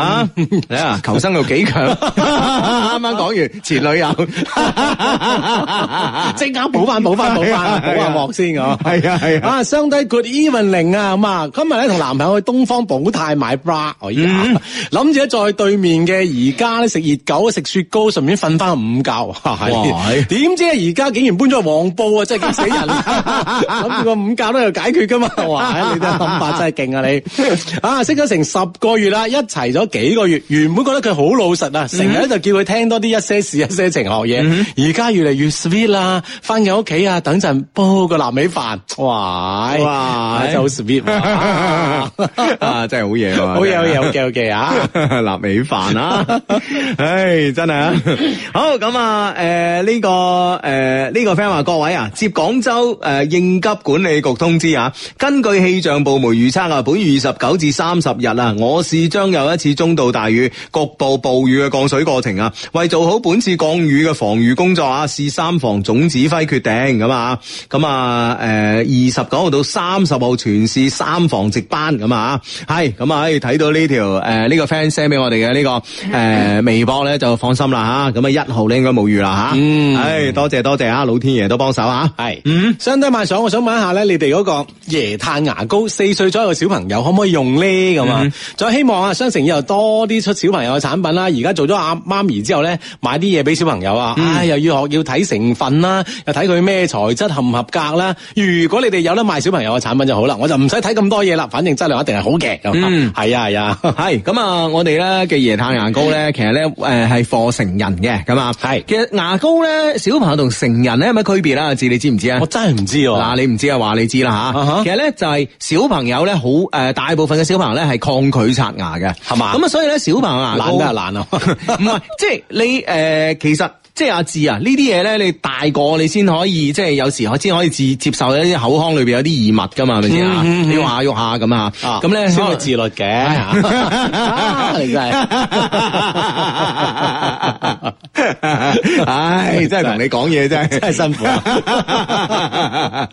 啊，啊！求生欲幾強、啊哎，啱啱講完前女友，即刻補翻補翻補翻補下鑊先哦！係啊係啊！相低 good evening 啊咁啊！今日咧同男朋友去東方寶泰買 bra，我依下諗住咧在對面嘅而家咧食熱狗食雪糕，順便瞓翻個午覺。哇、啊！點知而家竟然搬咗去黃埔啊！真係激死人！諗住個午覺都又解決噶嘛？哇、啊啊！你啲諗法真係勁啊你！啊，識咗成十個月啦，一齊咗，幾個月，原本覺得佢好老實啊，成日咧就叫佢聽多啲一些事、嗯、一些情學嘢。而家越嚟越 sweet 啦，翻入屋企啊，等陣煲個臘味飯，哇！哇，真係好 sweet，啊，真係好嘢，好嘢，好嘢，好嘅，好嘅啊！臘味飯啊，唉、啊，真係啊，好咁啊，誒，呢個誒呢、呃這個 friend 話，各位啊，接廣州誒、呃、應急管理局通知啊，根據氣象部門預測啊，本月二十九至三十日啊，我市將有一次。中度大雨，局部暴雨嘅降水過程啊！為做好本次降雨嘅防御工作啊，市三防總指揮決定咁啊，咁啊，誒、啊啊，二十九號到三十號全市三防值班咁啊，係咁啊，喺、啊、睇、啊、到呢條誒呢個 friend send 俾我哋嘅呢個誒、啊、微博咧，就放心啦吓、啊，咁啊，一號咧應該冇雨啦吓，嗯，唉、啊，多謝多謝啊，老天爺都幫手啊，係，嗯，相得萬爽，我想問一下咧，你哋嗰個椰炭牙膏，四歲左右嘅小朋友可唔可以用呢？咁、嗯、啊，再希望啊，雙城以後。多啲出小朋友嘅產品啦，而家做咗阿媽咪之後咧，買啲嘢俾小朋友啊，唉、嗯哎，又要學要睇成分啦，又睇佢咩材質合唔合格啦。如果你哋有得賣小朋友嘅產品就好啦，我就唔使睇咁多嘢啦，反正質量一定係好嘅。嗯，係啊係啊，係咁啊， 我哋咧嘅椰炭牙膏咧，其實咧誒係 for 成人嘅，咁啊係。其實牙膏咧，小朋友同成人咧有咩區別啦？知你知唔知啊？我真係唔知、啊。嗱、啊，你唔知你啊，話你知啦吓。其實咧就係、是、小朋友咧好誒、呃，大部分嘅小朋友咧係抗拒刷牙嘅，係嘛？咁、嗯、啊，所以咧，小朋友啊，難得啊難啊，唔係，即係你誒、呃，其實即係阿智啊，呢啲嘢咧，你大個你先可以，即係有時可先可以自接受一啲口腔裏邊有啲異物噶嘛，係咪先啊？喐下喐下咁啊，咁咧需要自律嘅，哎 啊、你真係， 唉，真係同你講嘢真係真係 辛苦、啊。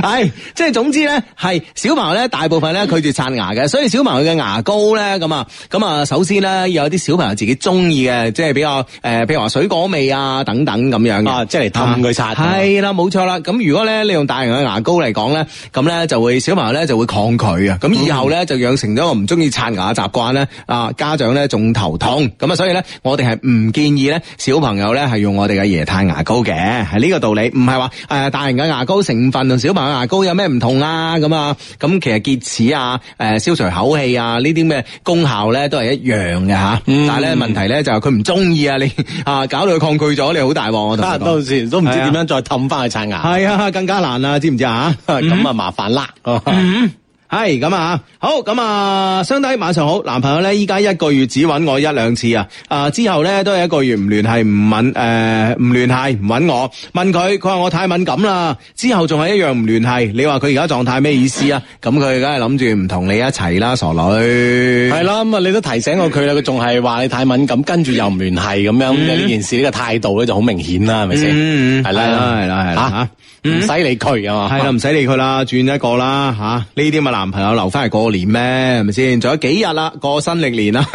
係，即係總之咧，係小朋友咧，大部分咧拒絕刷牙嘅，所以小朋友嘅牙膏咧，咁啊，咁啊，首先咧，有啲小朋友自己中意嘅，即係比較誒，譬、呃、如話水果味啊，等等咁樣嘅，即係嚟氹佢刷、啊。係啦，冇錯啦。咁如果咧，你用大人嘅牙膏嚟講咧，咁咧就會小朋友咧就會抗拒啊。咁以後咧就養成咗個唔中意刷牙嘅習慣咧，啊家長咧仲頭痛。咁啊，所以咧，我哋係唔建議咧小朋友咧係用我哋嘅椰炭牙膏嘅，係呢個道理，唔係話誒大人嘅牙膏成分。小朋友牙膏有咩唔同啊？咁啊，咁其實潔齒啊、誒消除口氣啊呢啲咩功效，咧，都係一樣嘅吓，嗯，但係咧，問題咧，就係佢唔中意啊你啊搞到佢抗拒咗，你好大鑊，我同你講，到時都唔知點樣再氹翻佢刷牙，係啊，更加難呀，知唔知啊？咁、嗯、啊 麻煩啦。嗯嗯嗯 係咁啊，好咁啊，相睇晚上好，男朋友咧依家一個月只揾我一兩次啊，之後咧都係一個月唔聯繫唔揾誒唔聯繫唔揾我，問佢佢話我太敏感啦，之後仲係一樣唔聯繫，你話佢而家狀態咩意思啊？咁佢梗係諗住唔同你一齊啦，傻女。係啦，啊，咁啊你都提醒過佢啦，佢仲係話你太敏感，跟住又唔聯繫咁樣，呢，嗯，件事呢，這個態度咧就好明顯啦，係咪先？嗯是是，啊啊啊啊，嗯，係啦係啦係啦吓，唔使理佢啊嘛。係啦，唔使理佢啦，轉一個啦吓，呢啲咪男朋友留翻嚟過年咩？係咪先？仲有幾日啦？過新曆年啦，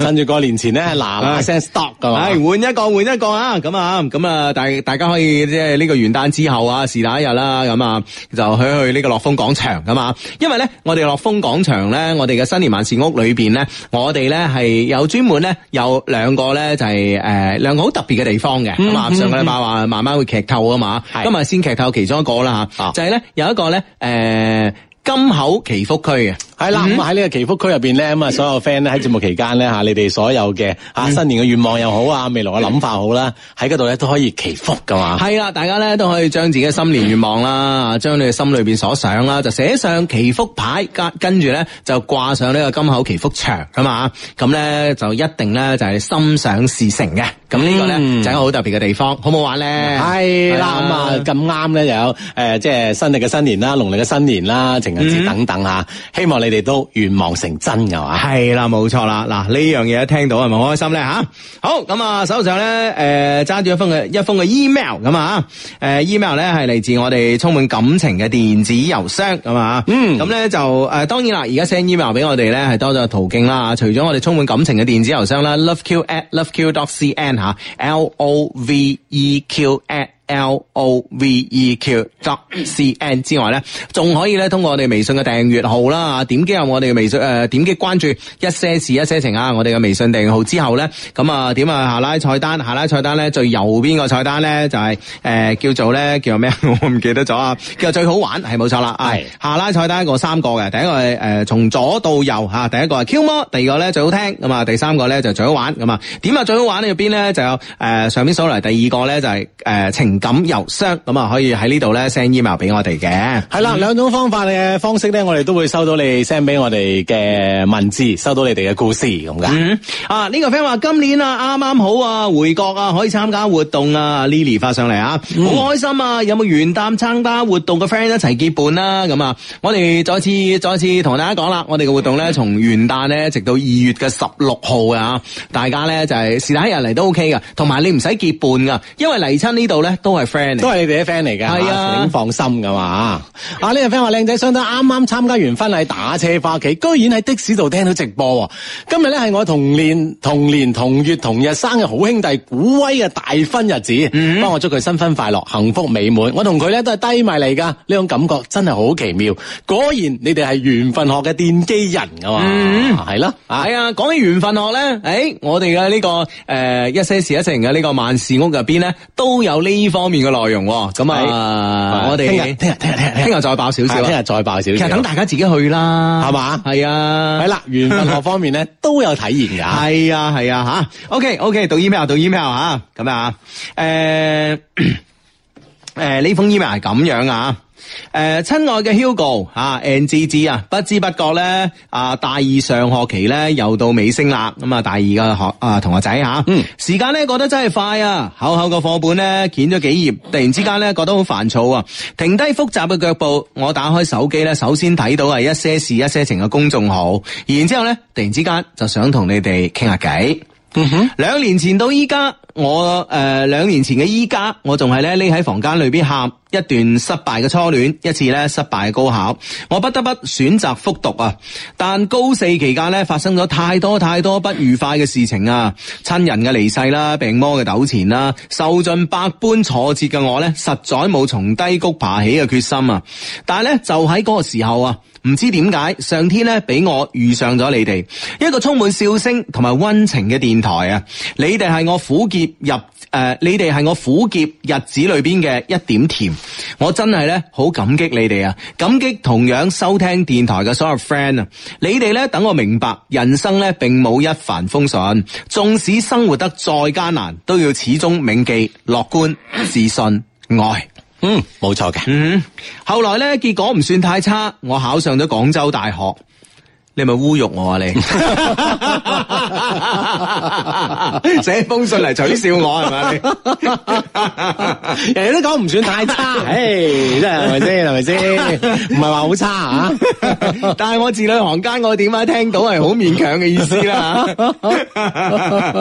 趁 住 過年前咧，嗱一聲 stop 噶，唉、哎，換一個換一個啊！咁啊，咁啊，大大家可以即係呢個元旦之後啊，是但一日啦、啊，咁啊，就去去呢個樂豐廣場㗎嘛、啊。因為咧，我哋樂豐廣場咧，我哋嘅新年萬事屋裏邊咧，我哋咧係有專門咧有兩個咧就係誒兩個好特別嘅地方嘅，咁啊。嗯嗯嗯上個禮拜話慢慢會劇透啊嘛，今日先劇透其中一個啦吓、啊，就係、是、咧有一個咧誒。呃金口祈福區。係啦，咁啊喺呢個祈福區入邊咧，咁啊所有 friend 咧喺節目期間咧吓，你哋所有嘅吓新年嘅願望又好啊、嗯，未來嘅諗法好啦，喺嗰度咧都可以祈福噶嘛。係啦，大家咧都可以將自己嘅新年願望啦、嗯，將將你嘅心裏邊所想啦，就寫上祈福牌，跟跟住咧就掛上呢個金口祈福牆啊嘛，咁咧就一定咧就係心想事成嘅。咁呢個咧就一個好特別嘅地方，好唔好玩咧？係啦，咁啊咁啱咧就有誒，即係新曆嘅新年啦，農曆嘅新年啦，情人節等等吓、嗯，希望你。你哋都願望成真嘅話，係啦，冇錯啦。嗱呢樣嘢一聽到係咪開心咧吓、啊？好咁啊，手上咧誒揸住一封嘅一封嘅 email 咁啊，誒、啊、email 咧係嚟自我哋充滿感情嘅電子郵箱咁啊，嗯，咁咧就誒、呃、當然啦，而家 send email 俾我哋咧係多咗途徑啦，除咗我哋充滿感情嘅電子郵箱啦，loveq@loveq.cn a t 吓，l o v e q@。a LoveQ@ t L O V E Q dot C N 之外咧，仲可以咧通過我哋微信嘅訂閱號啦，點擊入我哋嘅微信誒、呃，點擊關注一些事一些情啊，我哋嘅微信訂閱號之後咧，咁啊點啊下拉菜單，下拉菜單咧最右邊個菜單咧就係、是、誒、呃、叫做咧叫咩啊？ 我唔記得咗啊，叫做最好玩，係冇錯啦，係下拉菜單一個三個嘅，第一個係誒從左到右吓，第一個係 Q 魔，第二個咧最好聽咁啊，第三個咧就最好玩咁啊，點啊最好玩咧入邊咧就有誒上邊數嚟第二個咧就係誒情。感郵箱咁啊，就可以喺呢度咧 send email 俾我哋嘅。係、嗯、啦，兩種方法嘅方式咧，我哋都會收到你 send 俾我哋嘅文字，收到你哋嘅故事咁嘅、嗯。啊呢、這個 friend 話今年啊啱啱好啊回國啊可以參加活動啊，Lily 返、嗯、上嚟啊，好開心啊！有冇元旦參加活動嘅 friend 一齊結伴啦、啊？咁啊，我哋再次再次同大家講啦，我哋嘅活動咧從元旦咧直到二月嘅十六號啊，大家咧就係是但一日嚟都 OK 噶，同埋你唔使結伴噶，因為嚟親呢度咧。都係 friend，都係你哋啲 friend 嚟噶，係啊，請放心噶嘛。啊，呢個 friend 話靚仔相當，啱啱參加完婚禮打車翻屋企，居然喺的士度聽到直播。哦、今日咧係我同年同年同月同日生嘅好兄弟古威嘅大婚日子，幫我祝佢新婚快樂，幸福美滿。我同佢咧都係低埋嚟噶，呢種感覺真係好奇妙。果然你哋係緣分學嘅奠基人噶嘛？係、嗯、咯，係啊！講、啊啊、起緣分學咧，誒、哎，我哋嘅呢個誒、呃、一些事一些情嘅呢個萬事屋入邊咧，都有呢。方面嘅內容，咁、就是、啊，我哋聽日聽日聽日聽日再爆少少，聽日、啊、再爆少少。其實等大家自己去啦，係嘛？係啊，係啦，任何方面咧都有體驗噶，係 啊係啊吓。OK OK，讀 email 讀 email 吓，咁啊，誒誒，呢封 email 係咁樣啊。呃 呃誒，親愛嘅 Hugo 啊，N g g 啊，不知不覺咧，啊大二上學期咧又到尾聲啦。咁啊，大二嘅學啊同學仔吓，時間咧覺得真係快啊。厚厚個課本咧捲咗幾頁，突然之間咧覺得好煩躁啊。停低複雜嘅腳步，我打開手機咧，首先睇到係一些事一些情嘅公眾號，然之後咧突然之間就想同你哋傾下偈。兩、嗯、年前到依家，我誒兩、呃、年前嘅依家，我仲係咧匿喺房間裏邊喊一段失敗嘅初戀，一次咧失敗嘅高考，我不得不選擇復讀啊！但高四期間咧發生咗太多太多不愉快嘅事情啊，親人嘅離世啦，病魔嘅糾纏啦，受盡百般挫折嘅我咧，實在冇從低谷爬起嘅決心啊！但係咧就喺嗰個時候啊！唔知點解，上天咧俾我遇上咗你哋一個充滿笑聲同埋溫情嘅電台啊！你哋係我苦澀入誒、呃，你哋係我苦澀日子裏邊嘅一點甜。我真係咧好感激你哋啊！感激同樣收聽電台嘅所有 friend 啊！你哋咧等我明白，人生咧並冇一帆風順，縱使生活得再艱難，都要始終銘記樂觀、自信、愛。嗯，冇錯嘅。嗯哼，後來咧結果唔算太差，我考上咗廣州大學。你係咪侮辱我啊？你寫 封信嚟取笑我係咪？你 人人都講唔算太差，誒， 真係咪先？係咪先？唔係話好差啊？ 但係我字裏行間我點解聽到係好勉強嘅意思啦？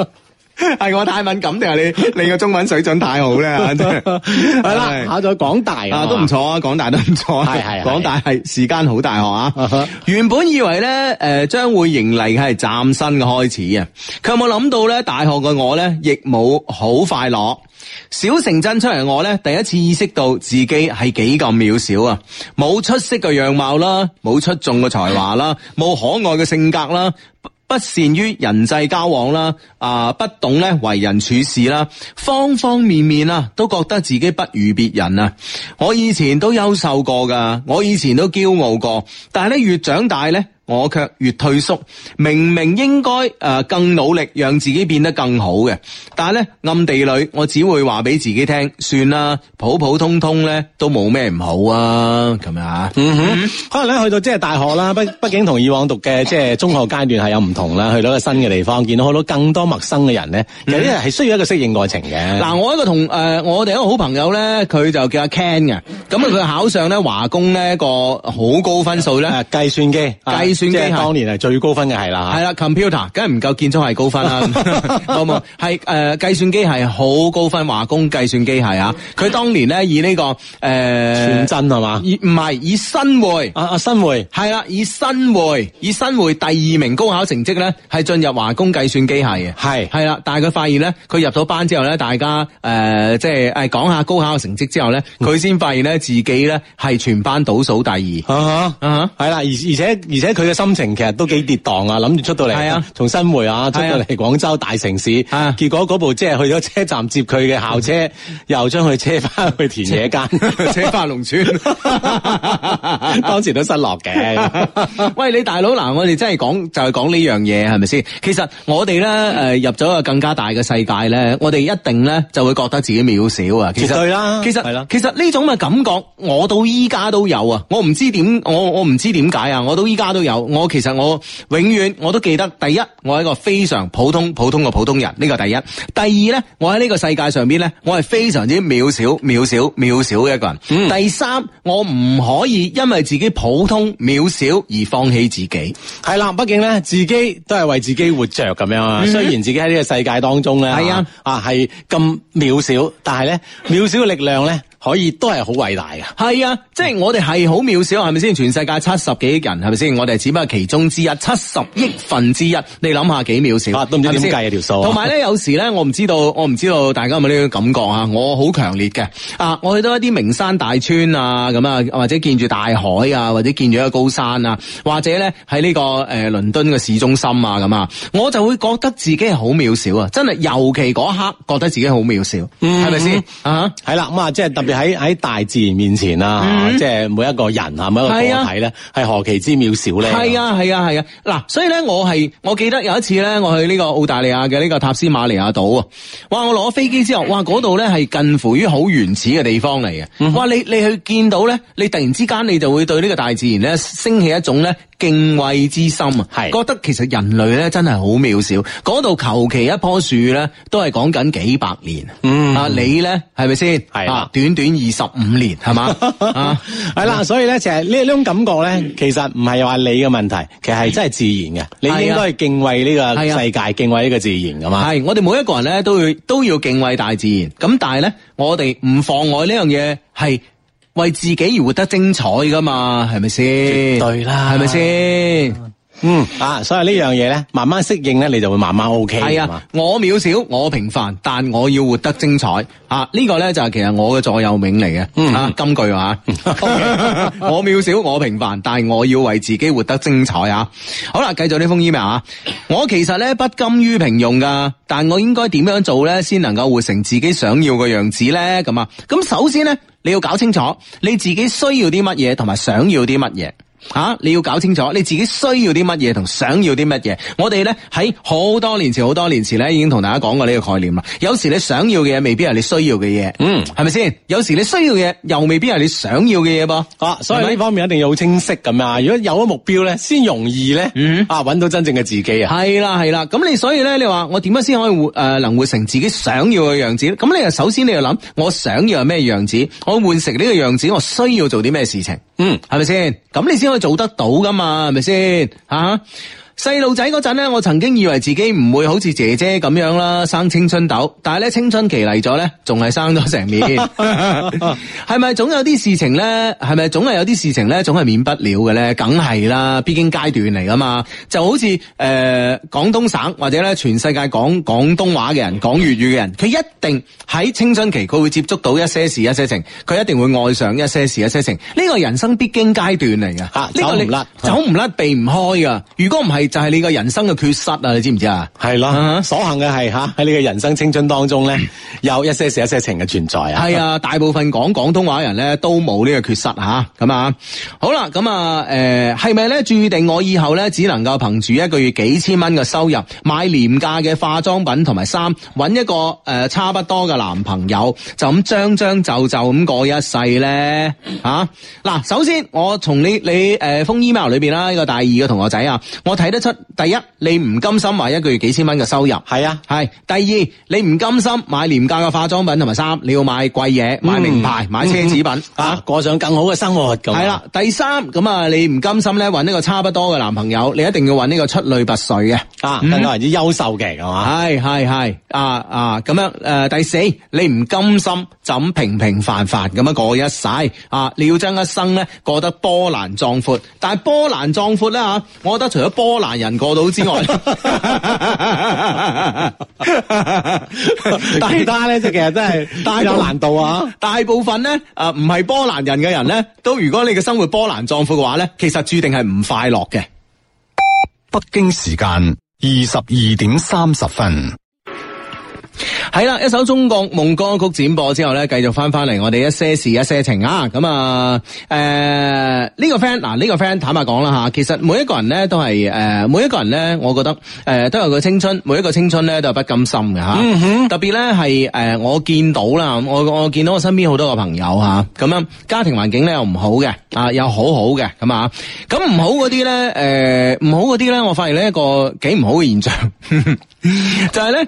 係我太敏感定係你你個中文水準太好咧？係 啦， 考咗廣大啊，都唔錯啊，廣大都唔錯啊，係係，廣大係是間好大學啊。原本以為咧，誒、呃，將會迎嚟嘅係嶄新嘅開始啊，佢有冇諗到咧，大學嘅我咧亦冇好快樂。小城鎮出嚟我咧，第一次意識到自己係幾咁渺小啊！冇出色嘅樣貌啦，冇出眾嘅才華啦，冇可愛嘅性格啦。不善於人際交往啦，啊，不懂咧為人處事啦，方方面面啊，都覺得自己不如別人啊！我以前都優秀過噶，我以前都驕傲過，但係咧越長大咧，我卻越退縮，明明應該誒更努力，讓自己變得更好嘅，但係咧暗地裏我只會話俾自己聽，算啦，普普通通咧都冇咩唔好啊，咁樣吓，嗯哼，可能咧去到即係大學啦，畢畢竟同以往讀嘅即係中學階段係有唔同啦，去到一個新嘅地方，見到好多更多陌生嘅人咧，有啲人係需要一個適應過程嘅。嗱，我一個同誒我哋一個好朋友咧，佢就叫阿 Ken 嘅，咁啊佢考上咧華工咧一個好高分數咧，計算機，計。算即係當年係最高分嘅係啦，係啦，computer 梗係唔夠建築系高分啦，冇 冇？ 係、呃、誒，計算機系好高分，華工計算機系、 這個呃、啊！佢當年咧以呢個誒全真係嘛？以唔係以新會啊啊新會係啦，以新會以新會第二名高考成績咧，係進入華工計算機系嘅，係係啦。但係佢發現咧，佢入咗班之後咧，大家誒即係誒講下高考嘅成績之後咧，佢、嗯、先發現咧自己咧係全班倒數第二，啊啊係啦，而且而且而且佢。佢嘅心情其實都幾跌宕啊！諗住出到嚟，從新會啊，啊出到嚟廣州大城市，啊、結果嗰部即係去咗車站接佢嘅校車，啊、又將佢車翻去田野間，車翻 農農村， 當時都失落嘅。 喂，你大佬嗱，我哋真係講就係講呢樣嘢，係咪先？其實我哋咧誒入咗一個更加大嘅世界咧，我哋一定咧就會覺得自己渺小啊！絕對啦，其實係啦，其實呢種嘅感覺，我到依家都有啊！我唔知點，我我唔知點解啊！我到依家都有。我其實我永遠我都記得，第一，我係一個非常普通普通嘅普通人，呢、呢個第一。第二呢，我喺呢個世界上邊呢，我係非常之渺小渺小渺小嘅一個人，嗯。第三，我唔可以因為自己普通渺小而放棄自己。係啦，畢竟呢，自己都係為自己活着咁樣啊。雖然自己喺呢個世界當中呢，係啊啊係咁渺小，但係呢，渺小嘅力量呢。可以都係好偉大啊，係啊，即係我哋係好渺小，係咪先？全世界七十幾億人，係咪先？我哋只不過其中之一，七十億分之一，你諗下幾渺小，啊、都唔知點計條數。同埋咧，有，呢 有時咧，我唔知道，我唔知道大家有冇呢個感覺啊？我好強烈嘅啊！我去到一啲名山大川啊，咁啊，或者見住大海啊，或者見住一個高山啊，或者咧喺呢個誒倫敦嘅市中心啊，咁啊，我就會覺得自己係好渺小啊！真係，尤其嗰刻覺得自己好渺小，係咪先啊？係啦，咁啊，即係特別。喺，喺大自然面前啦，嗯，即係每一個人吓每一個個體咧，係、啊、何其之渺小咧。係啊係啊係啊！嗱、啊啊，所以咧，我係我記得有一次咧，我去呢個澳大利亞嘅呢個塔斯馬尼亞島啊，哇！我落咗飛機之後，哇，嗰度咧係近乎於好原始嘅地方嚟嘅。哇，嗯，你你去見到咧，你突然之間你就會對呢個大自然咧升起一種咧敬畏之心啊！係，覺得其實人類咧真係好渺小。嗰度求其一棵樹咧，都係講緊幾百年。啊、嗯，你咧係咪先？係啊，短短。二十五年係嘛，係啦、 啊，所以咧就係呢種感覺咧，其實唔係話你嘅問題，其實係真係自然嘅，你應該係敬畏呢個世界，敬畏呢個自然噶嘛。係我哋每一個人咧，都要都要敬畏大自然。咁但係咧，我哋唔妨礙呢樣嘢係為自己而活得精彩噶嘛，係咪先？對啦，係咪先？嗯啊，所以呢樣嘢呢，慢慢適應呢，你就會慢慢 O K。係啊，我渺小，我平凡，但我要活得精彩啊！呢、呢個呢，就係其實我嘅座右銘嚟嘅，金、嗯、句啊！句啊 okay，我渺小，我平凡，但我要為自己活得精彩啊！好啦，繼續呢封 email 啊！我其實呢，不甘於平庸噶，但我應該點樣做呢？先能夠活成自己想要嘅樣子呢？咁啊，咁首先呢，你要搞清楚你自己需要啲乜嘢，同埋想要啲乜嘢。吓、啊，你要搞清楚你自己需要啲乜嘢同想要啲乜嘢。我哋咧喺好多年前、好多年前咧已經同大家講過呢個概念啦。有時你想要嘅嘢未必係你需要嘅嘢，嗯，係咪先？有時你需要嘅嘢又未必係你想要嘅嘢噃。啊，所以呢方面一定要清晰咁啊。如果有咗目標咧，先容易咧、嗯，啊，搵到真正嘅自己啊。係啦係啦，咁你所以咧，你話我點樣先可以誒，能活成自己想要嘅樣子？咁你就首先你要諗我想要係咩樣子，我換成呢個樣子，我需要做啲咩事情？嗯，係咪先？咁你先。都做得到噶嘛，係咪先吓？啊細路仔嗰陣咧，我曾經以為自己唔會好似姐姐咁樣啦，生青春痘。但係咧，青春期嚟咗咧，仲係生咗成年。係 咪 總有啲事情咧？係咪總係有啲事情咧？總係免不了嘅咧？梗係啦，必經階段嚟噶嘛。就好似誒廣東省或者咧全世界講廣東話嘅人，講粵語嘅人，佢一定喺青春期，佢會接觸到一些事、一些情，佢一定會愛上一些事、一些情。呢個係人生必經階段嚟嘅。吓、啊，呢個走唔甩，走唔甩、啊，避唔開噶。如果唔係。就係、是、你個人生嘅缺失啊！你知唔知啊？係咯，uh-huh. 所幸嘅係吓，喺你嘅人生青春當中咧，有一些事、 一些情嘅存在啊！係啊，大部分講廣東話人咧都冇呢個缺失吓，咁啊，啊，好啦，咁啊，誒、呃，係咪咧注定我以後咧只能夠憑住一個月幾千蚊嘅收入買廉價嘅化妝品同埋衫，搵一個誒差不多嘅男朋友，就咁將將就就咁過一世咧？吓、啊、嗱，首先我從你你誒、呃、封 email 裏邊啦，呢、這個大二嘅同學仔啊，我睇。得出第一，你唔甘心買一個月幾千蚊嘅收入，係啊，係。第二，你唔甘心買廉價嘅化妝品同埋衫，你要買貴嘢，買名牌，買奢侈品啊，過上更好嘅生活。係啦，第三，咁啊，你唔甘心咧，揾呢個差不多嘅男朋友，你一定要揾呢個出類拔萃嘅啊，更加之優秀嘅，係嘛，係係係啊啊，咁樣誒，第四，你唔甘心就咁平平凡凡咁樣過一世啊，你要將一生咧過得波瀾壯闊。但係波瀾壯闊啦吓，我覺得除咗波難人過到之外，大單咧，就其實真係有難度啊！大部分咧，唔係波蘭人嘅人咧，都如果你嘅生活波瀾壯闊嘅話咧，其實注定係唔快樂嘅。北京時間二十二點三十分。係啦，一首《中國夢》歌曲展播之後咧，繼續翻翻嚟，我哋一些事，一些情啊。咁啊，誒、啊、呢、這個 friend 嗱，呢、啊這個 friend 坦白講啦吓，其實每一個人咧都係誒、啊，每一個人咧，我覺得誒、啊、都有個青春，每一個青春咧都有不甘心嘅吓。啊嗯、哼，特別咧係誒，我見到啦，我我見到我身邊好多個朋友吓咁樣家庭環境咧又唔好嘅啊，又好好嘅咁啊。咁唔好嗰啲咧，誒、啊、唔好嗰啲咧，我發現呢一個幾唔好嘅現象， 就係咧。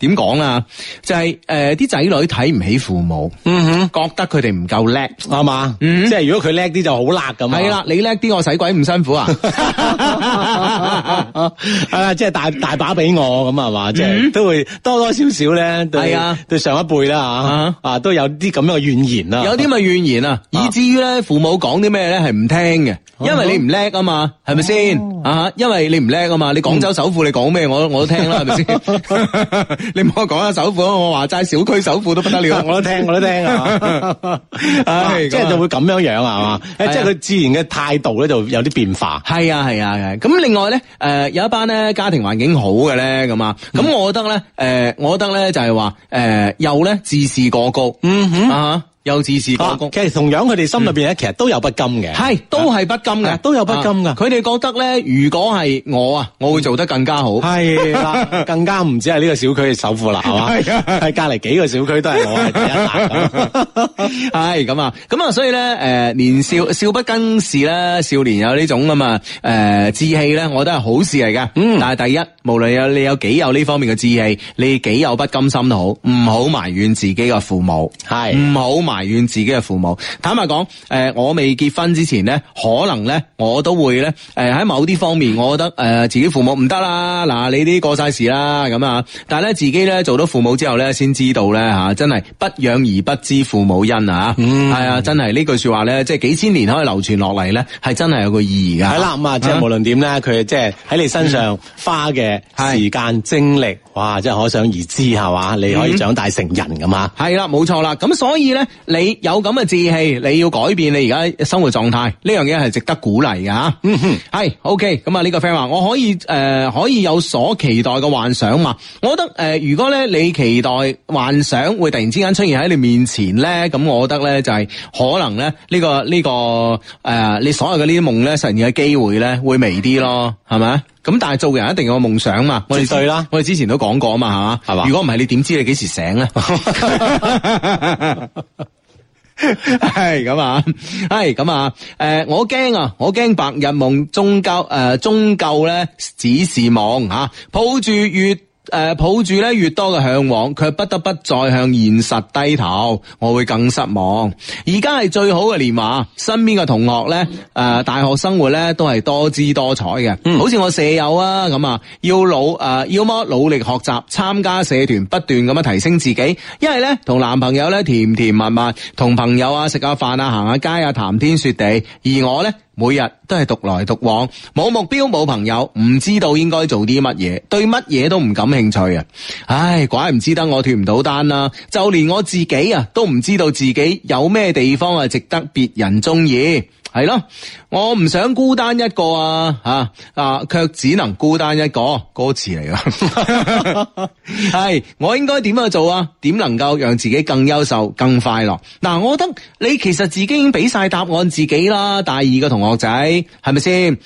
點講啊，就係誒啲仔女睇唔起父母，嗯、哼覺得佢哋唔夠叻，係、嗯、嘛，即係如果佢叻啲就好叻噶。係啦，你叻啲，我使鬼唔辛苦啊？係 啦、 啊就是嗯，即係大大把俾我咁係嘛，即係都會多多少少咧。係啊，對上一輩啦吓啊，都有啲咁樣嘅怨言啦。有啲咪怨言啊，言啊啊以至於咧父母講啲咩咧，係唔聽嘅，因為你唔叻啊嘛，係咪先啊？因為你唔叻啊，啊，嘛，、哦、啊嘛，你廣州首富，你講咩我我都聽啦，係咪先？ 你唔好講啊，首富，啊，我話齋小區首富都不得了， 我都聽，我都聽啊， 即係就會咁樣樣係嘛，誒， 即係佢自然嘅態度咧，就有啲變化。係啊，係啊，係、啊。咁另外咧，誒、呃，有一班咧家庭環境好嘅咧，咁啊，咁我覺得咧，誒、嗯呃，我覺得咧就係、是、話，誒、呃，又呢咧自視過高。嗯哼啊。有自視過高，其實同樣佢哋心入邊咧，其實都有不甘嘅，係都係不甘嘅，都有不甘噶。佢哋覺得咧，如果係我啊，我會做得更加好，係啦，更加唔止係呢個小區嘅首富啦，係嘛，係隔籬幾個小區都係我係第一。係咁啊，咁啊，所以咧，誒，年少少不更事啦，少年有呢種咁啊，誒，志氣咧，我覺得係好事嚟噶。嗯，但係第一，無論有你有幾有呢方面嘅志氣，你幾有不甘心都好，唔好埋怨自己嘅父母，係唔好埋。埋怨自己嘅父母，坦白講，誒、呃，我未結婚之前咧，可能咧，我都會咧，誒、呃，喺某啲方面，我覺得誒、呃，自己父母唔得啦，嗱，你啲過晒事啦，咁啊，但係咧，自己咧，做到父母之後咧，先知道咧，吓、啊，真係不養兒不知父母恩啊，係、嗯、啊、哎，真係呢句說話咧，即係幾千年可以流傳落嚟咧，係真係有個意義噶。係啦，咁啊，即係無論點咧，佢即係喺你身上花嘅時間精力， 哇，即係可想而知係嘛、嗯，你可以長大成人咁啊。係啦，冇錯啦，咁所以咧。你有咁嘅志氣，你要改變你而家生活狀態，呢樣嘢係值得鼓勵㗎。係嗯哼，係，OK，咁啊呢個 friend 話，我可以誒、呃、可以有所期待嘅幻想嘛？我覺得誒、呃，如果咧你期待幻想會突然之間出現喺你面前咧，咁我覺得咧就係可能咧呢、這個呢、這個誒、呃、你所有嘅呢啲夢咧實現嘅機會咧會微啲咯，係咪啊？咁但係做人一定有個夢想嘛，我，我哋對啦，我哋之前都講過啊嘛，係嘛，係嘛，如果唔係你點知你幾時醒咧？係 咁 啊，係咁啊，誒、呃，我驚啊，我驚白日夢終究誒，終、呃、究咧只是夢吓、啊、抱住月。誒，抱住咧越多嘅向往，卻不得不再向現實低頭，我會更失望。而家係最好嘅年華，身邊嘅同學咧，誒，大學生活咧都係多姿多彩嘅，嗯，好似我舍友啊，咁啊，要努誒，要麼努力學習，參加社團，不斷咁樣提升自己，一係咧同男朋友咧甜甜蜜蜜，同朋友啊食下飯啊，行下街啊，談天說地，而我咧。每日都係獨來獨往，冇目標冇朋友，唔知道應該做啲乜嘢，對乜嘢都唔感興趣啊！唉，怪唔知得我脫唔到單啦，就連我自己啊，都唔知道自己有咩地方啊值得別人中意。係咯，我唔想孤單一個啊，吓啊，卻、啊、只能孤單一個，歌詞嚟噶。係 我應該點樣做啊？點能夠讓自己更優秀、更快樂？嗱、啊，我覺得你其實自己已經俾晒答案自己啦，大二嘅同學仔，係咪先？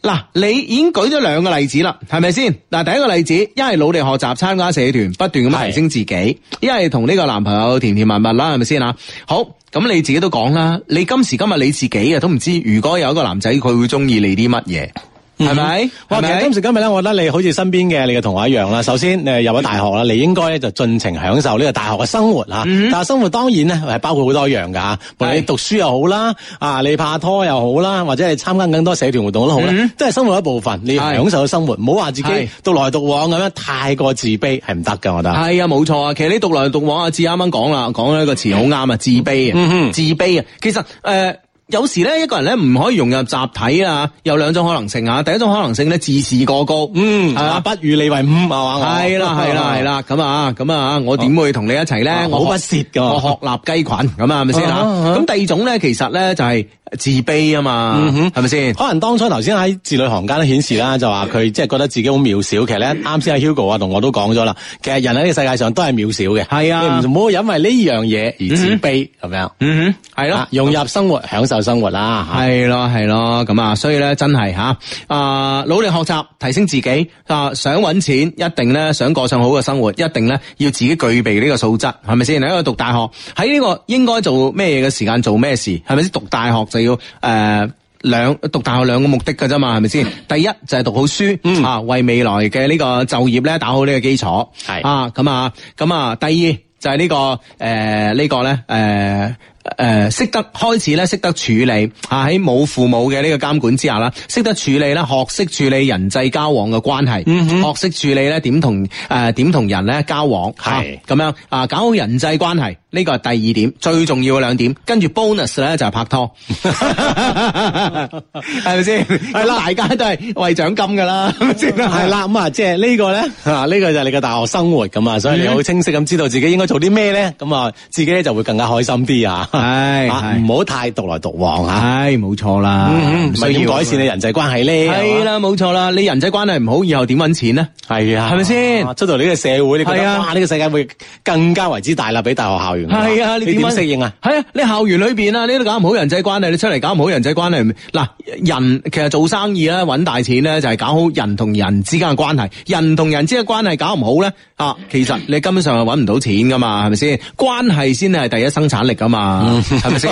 嗱、啊，你已經舉咗兩個例子啦，係咪先？嗱、啊，第一個例子，一係努力學習，參加社團，不斷咁提升自己；一係同呢個男朋友甜甜蜜蜜啦，係咪先啊？好。咁你自己都講啦，你今時今日你自己啊都唔知，如果有一個男仔佢會中意你啲乜嘢？係、mm-hmm. 咪？其實今時今日咧，我覺得你好似身邊嘅你嘅同學一樣啦。首先，你入咗大學啦，mm-hmm. 你應該咧就盡情享受呢個大學嘅生活吓。Mm-hmm. 但係生活當然咧係包括好多樣噶吓，mm-hmm. 你讀書又好啦，啊你拍拖又好啦，或者係參加更多社團活動好、mm-hmm. 都好啦，都係生活一部分。你享受嘅生活，唔好話自己獨來獨往咁樣，mm-hmm. 太過自卑係唔得噶。我覺得係啊，冇錯啊。其實你獨來獨往啊，我至啱啱講啦，講咗一個詞好啱啊，自卑啊，mm-hmm. 自卑啊。其實誒。呃有時咧，一個人咧唔可以融入集體啊！有兩種可能性啊。第一種可能性咧，自視過高，嗯，啊，不與你為伍啊！係啦，係啦，係啦，咁啊，咁啊，我點會同你一齊咧？我好不屑噶，我鶴立雞群咁啊，係咪先啊？咁、啊、第二種咧，其實咧就係自卑啊嘛，係咪先？可能當初頭先喺字裏行間咧顯示啦，就話佢即係覺得自己好渺小。其實咧，啱先阿 Hugo 啊，同我都講咗啦，其實人喺呢個世界上都係渺小嘅。係啊，唔好因為呢樣嘢而自卑，咁樣。嗯哼，係咯，融入生活，享受。就生活啦、啊，係咯係咯，咁啊，所以咧真係吓，啊努力學習提升自己，啊想搵錢，一定咧想過上好嘅生活，一定咧要自己具備呢個素質，係咪先？喺度讀大學喺呢個應該做咩嘢嘅時間做咩事，係咪先？讀大學就要誒兩、呃、讀大學兩個目的㗎啫嘛，係咪先？ 第一就係、是、讀好書啊，嗯、為未來嘅呢個就業咧打好呢個基礎，係啊，咁啊，咁啊，第二就係、是這個呃這個、呢個誒呢個咧誒。呃誒、呃，識得開始咧，識得處理吓，喺冇父母嘅呢個監管之下啦，識得處理咧學識處理人際交往嘅關係、嗯，學識處理咧點同誒點同人咧交往，係咁樣啊，搞好人際關係呢個係第二點，最重要嘅兩點。跟住 bonus 咧就係拍拖，係咪先？係 啦、嗯嗯嗯，大家都係為獎金噶啦，係啦咁啊，即、嗯、係、嗯嗯嗯、呢個咧，呢個就係你嘅大學生活咁啊，所以你好清晰咁知道自己應該做啲咩咧，咁、嗯、啊、嗯、自己就會更加開心啲啊。係，唔好太獨來獨往吓，冇錯啦。唔係點改善你人際關係咧？係啦，冇錯啦。你人際關係唔好，以後點搵錢咧？係啊，係咪先？出到呢個社會，你覺得哇，呢個世界會更加為之大啦？俾大學校園係啊，你點樣適應啊？係啊，你校園裏邊啊，你都搞唔好人際關係，你出嚟搞唔好人際關係。嗱，人其實做生意咧，搵大錢咧，就係搞好人同人之間嘅關係。人同人之間關係搞唔好咧，啊，其實你根本上係搵唔到錢噶嘛，係咪先？關係先係第一生產力噶嘛。係咪先？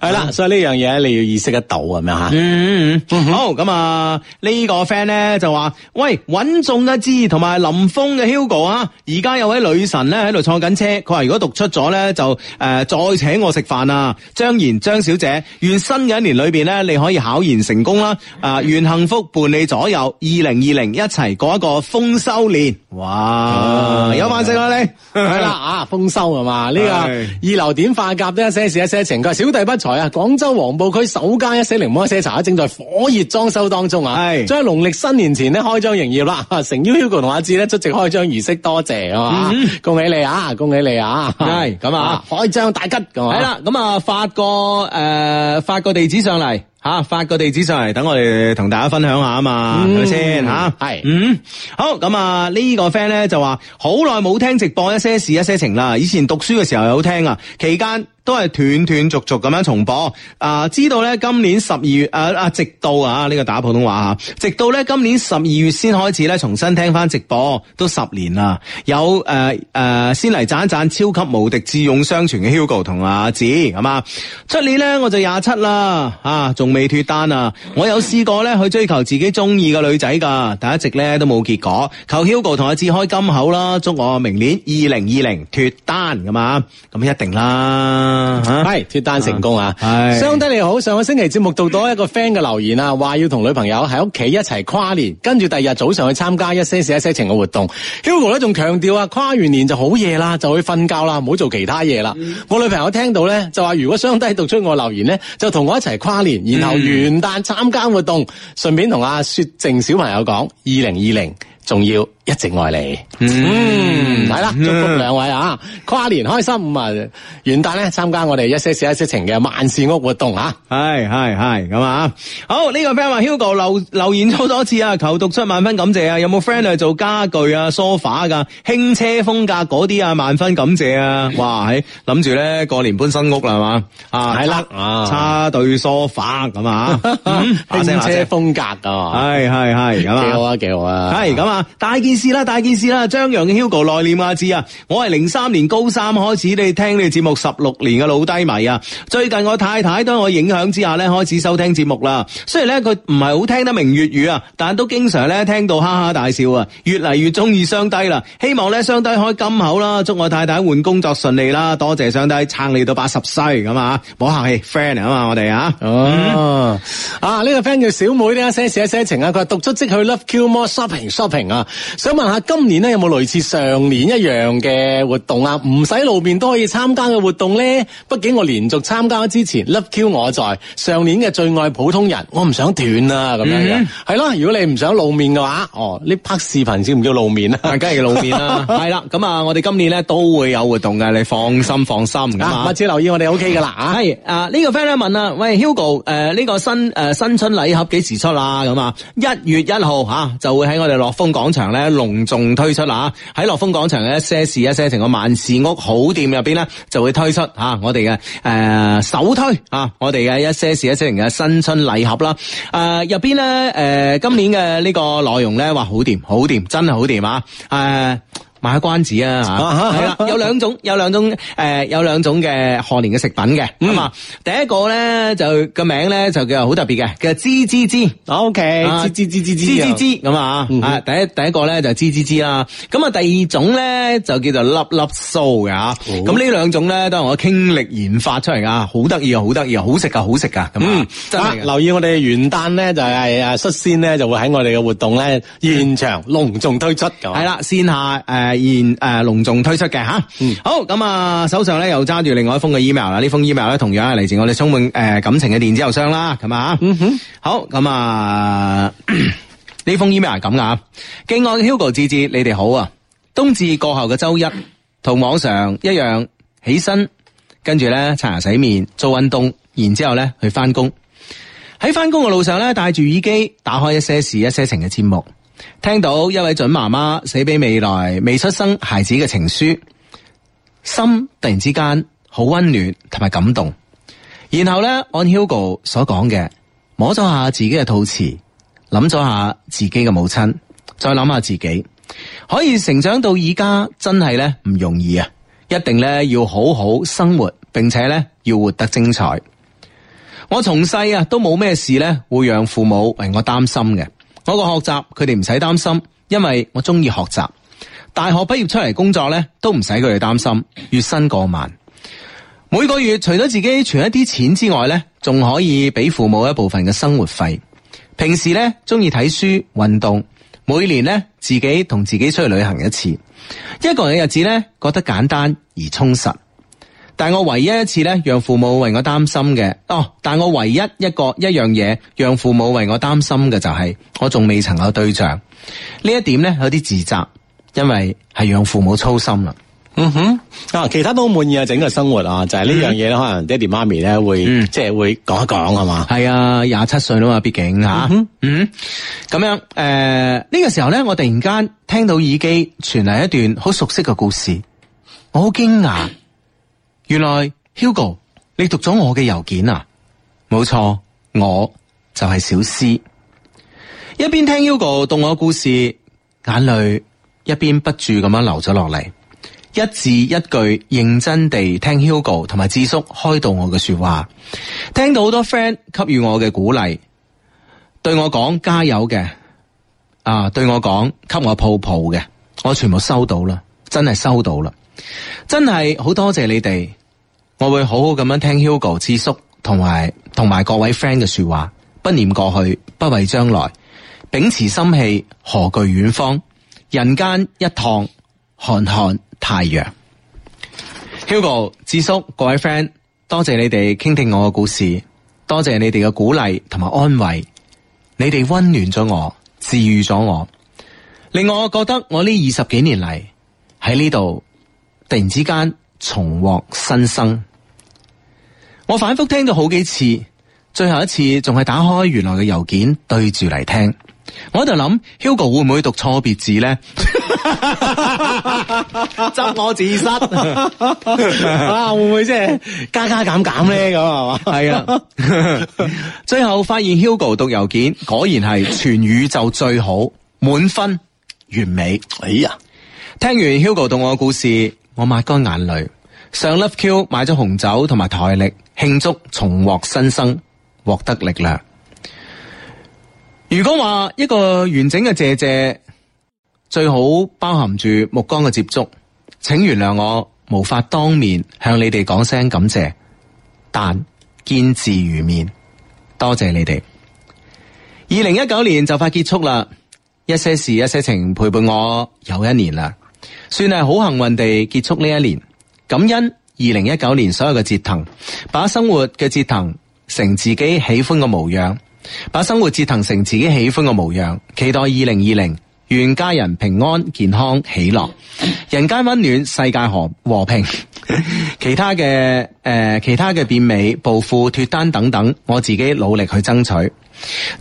係 啦，所以呢樣嘢你要意識得到咁樣吓。嗯， 好咁啊，呢個 friend 咧就話：，喂，穩中一支，同埋林峰嘅 Hugo 啊，而家有位女神咧喺度坐緊車。佢話如果讀出咗咧，就誒、呃、再請我食飯啊！張妍張小姐，願新嘅一年裏邊咧，你可以考研成功啦！啊，願幸福伴你左右，二零二零一齊過一個豐收年。哇，嗯、有飯食啊你，係 啦啊，豐收啊嘛？呢、這個二流點化甲。啫。一些事一些情，佢話小弟不才啊！廣州黃埔區首家一些檸檬一些茶正在火熱裝修當中啊，係將農曆新年前咧開張營業啦！誠邀 Hugo 同阿志咧出席開張儀式，多謝啊、嗯！恭喜你啊！恭喜你啊！係咁啊！那 開張大吉係啦！咁啊，發個誒、呃，發個地址上嚟吓，發個地址上嚟，等我哋同大家分享一下啊嘛，係咪先吓？係嗯好咁啊，呢、這個 friend 咧就話好耐冇聽直播一些事一些情啦，以前讀書嘅時候有聽啊，期間。都係斷斷續續咁樣重播，啊、呃，知道呢今年十二月，啊、呃、啊，直到啊呢、呢個打普通話吓，直到呢今年十二月先開始呢重新聽翻直播，都十年啦。有誒誒、呃呃，先嚟讚一讚超級無敵智勇相傳嘅 Hugo 同阿紫。係嘛？出年呢，我就廿七啦，吓仲未脫單啊！我有試過呢去追求自己中意嘅女仔噶，但一直呢都冇結果。求 Hugo 同阿志開金口啦，祝我明年二零二零脫單咁嘛，咁一定啦。係脱單成功啊！雙、uh-huh. 低你好，上個星期節目讀到多了一個 friend 嘅留言啊，話要同女朋友喺屋企一齊跨年，跟住第二日早上去參加一些事一些情嘅活動。Hugo 咧仲強調啊，跨完年就好夜啦，就去瞓覺啦，唔好做其他嘢啦。Uh-huh. 我女朋友聽到咧就話，如果雙低讀出我留言咧，就同我一齊跨年，然後元旦參加活動，順、uh-huh. 便同阿雪靜小朋友講二零二零。仲要一直愛你，嗯，係啦，祝福兩位啊！跨年開心啊，元旦咧參加我哋一些事一些情嘅萬事屋活動啊！係係係咁啊！好，呢個 friend 話 Hugo 留留言咗好多次啊，求讀出萬分感謝啊！有冇 friend 係做家具啊、梳化噶輕車風格嗰啲啊，萬分感謝啊！哇，喺諗住咧過年搬新屋啦係嘛？啊係啦，差對梳化咁啊，輕車風格噶，係係係咁啊，幾好啊，幾好啊，係咁啊！大件事啦，大件事啦！張揚嘅 Hugo 內念啊，知啊，我係零三年高三開始，你聽你節目十六年嘅老低迷啊。最近我太太喺我影響之下咧，開始收聽節目啦。雖然咧佢唔係好聽得明粵語啊，但都經常咧聽到哈哈大笑啊，越嚟越中意雙低啦。希望咧雙低開金口啦，祝我太太換工作順利啦。多謝雙低撐你到八十歲咁啊，唔好客氣，friend 啊嘛，我、嗯、哋啊，啊、這、呢個 friend 叫小妹啊，寫詩寫情啊，佢話讀出即去 Love Q more shopping shopping。啊，想問下今年咧有冇類似上年一樣嘅活動啊？唔使露面都可以參加嘅活動咧。畢竟我連續參加咗之前，Love Q 我在上年嘅最愛普通人，我唔想斷啦咁樣嘅。係咯，如果你唔想露面嘅話，哦呢拍視頻先唔叫露面啊？梗係叫露面啦。係啦，咁啊，我哋今年咧都會有活動嘅，你放心放心噶嘛。密切留意我哋 OK 噶啦。係啊，呢個 friend 咧問啊，喂 Hugo 誒，呢個新誒新春禮盒幾時出啦？咁啊，一月一號吓就會喺我哋落風。廣場咧隆重推出啦，喺樂豐廣場嘅一些事一些情嘅萬事屋好店入邊咧，就會推出吓我哋嘅誒首推啊，我哋嘅一些事一些情嘅新春禮盒啦，誒、啊、入邊咧誒今年嘅呢個內容咧話好掂好掂，真係好掂啊誒。啊買關子啊，吓係啦，有兩種，有兩種，誒、呃，有兩種嘅賀年嘅食品嘅，咁、嗯、啊，第一個咧就個名咧就叫好特別嘅，叫吱吱吱，OK，吱吱吱吱吱吱吱咁啊，啊，嗯、第一第一個咧就吱吱吱啦，咁啊，第二種咧就叫做粒粒酥嘅，咁呢兩種咧都係我傾力研發出嚟噶，好得意啊，好得意、嗯、啊，好食啊，好食噶，咁留意我哋元旦咧就係、是、啊率先咧就會喺我哋嘅活動咧現場隆重推出，係、嗯、啦，線、啊、下誒。呃現誒隆重推出嘅吓，啊嗯、好咁啊！手上咧又揸住另外一封嘅 email 啦，呢封 email 咧同樣係嚟自我哋充滿誒感情嘅電子郵箱啦，係嘛吓，好咁啊！呢 封 email 係咁噶，敬愛嘅 Hugo 姊姊，你哋好啊！冬至過後嘅周一，同往常一樣起身，跟住咧刷牙洗面，做運動，然之後咧去翻工。喺翻工嘅路上咧，戴住耳機，打開一些事、一些情嘅節目。聽到一位準媽媽寫俾未來未出生孩子嘅情書，心突然之間好溫暖同埋感動。然後咧，按 Hugo 所講嘅，摸咗下自己嘅肚臍，諗咗下自己嘅母親，再諗下自己可以成長到而家，真係咧唔容易啊！一定咧要好好生活，並且咧要活得精彩。我從細啊都冇咩事咧，會讓父母為我擔心嘅。嗰個學習佢哋唔使擔心，因為我中意學習。大學畢業出嚟工作呢都唔使佢哋擔心，月薪過萬。每個月除咗自己存一啲錢之外呢仲可以俾父母一部分嘅生活費。平時呢中意睇書、運動。每年呢自己同自己出去旅行一次。一個人嘅日子呢，覺得簡單而充實。但係我唯一一次咧，讓父母為我擔心嘅哦。但係我唯一一個一樣嘢，讓父母為我擔心嘅就係我仲未曾有對象呢一點咧，有啲自責，因為係讓父母操心啦。嗯哼啊，其他都好滿意啊，整個生活啊，就係呢樣嘢，可能爹哋媽咪咧會、嗯、即係會講一講係嘛，係啊，廿七歲啦嘛，畢竟吓嗯咁樣誒。呢、呃呢個時候咧，我突然間聽到耳機傳嚟一段好熟悉嘅故事，我好驚訝。原來 Hugo，你讀咗我嘅郵件啊？冇錯，我就係小詩。一邊聽 Hugo 讀我嘅故事，眼淚一邊不住咁樣流咗落嚟，一字一句認真地聽 Hugo 同埋智叔開導我嘅說話，聽到好多 friend 給予我嘅鼓勵，對我講加油嘅，啊，對我講給我泡泡嘅，我全部收到啦，真係收到啦，真係好多謝你哋。我會好好咁樣聽 Hugo 智叔同埋同埋各位 friend 嘅說話，不念過去，不畏將來，秉持心氣，何懼遠方？人間一趟，看看太陽。Hugo 智叔，各位 friend，多謝你哋傾聽我嘅故事，多謝你哋嘅鼓勵同埋安慰，你哋溫暖咗我，治愈咗我。令我覺得我呢二十幾年嚟喺呢度，突然之間重獲新生。我反覆聽到好幾次，最後一次仲係打開原來嘅郵件對住嚟聽。我喺度諗，Hugo 會唔會讀錯別字咧？執 我自失？ 啊！會唔會即係加加減減咧？咁係嘛？係啊！最後發現 Hugo 讀郵件果然係全宇宙最好，滿分完美。哎呀！聽完 Hugo 讀我嘅故事，我抹乾眼淚。上 love q 買咗紅酒同埋台曆，慶祝重獲新生，獲得力量。如果話一個完整嘅謝謝，最好包含住目光嘅接觸。請原諒我無法當面向你哋講聲感謝，但見字如面，多謝你哋。二零一九年就快結束啦，一些事、一些情陪伴我有一年啦，算係好幸運地結束呢一年。感恩二零一九年所有嘅折騰，把生活嘅折騰成自己喜歡嘅模樣，把生活折騰成自己喜歡嘅模樣。期待二零二零，願家人平安健康喜樂， 人間溫暖，世界和和平。其他嘅誒、呃，其他嘅變美、暴富、脫單等等，我自己努力去爭取。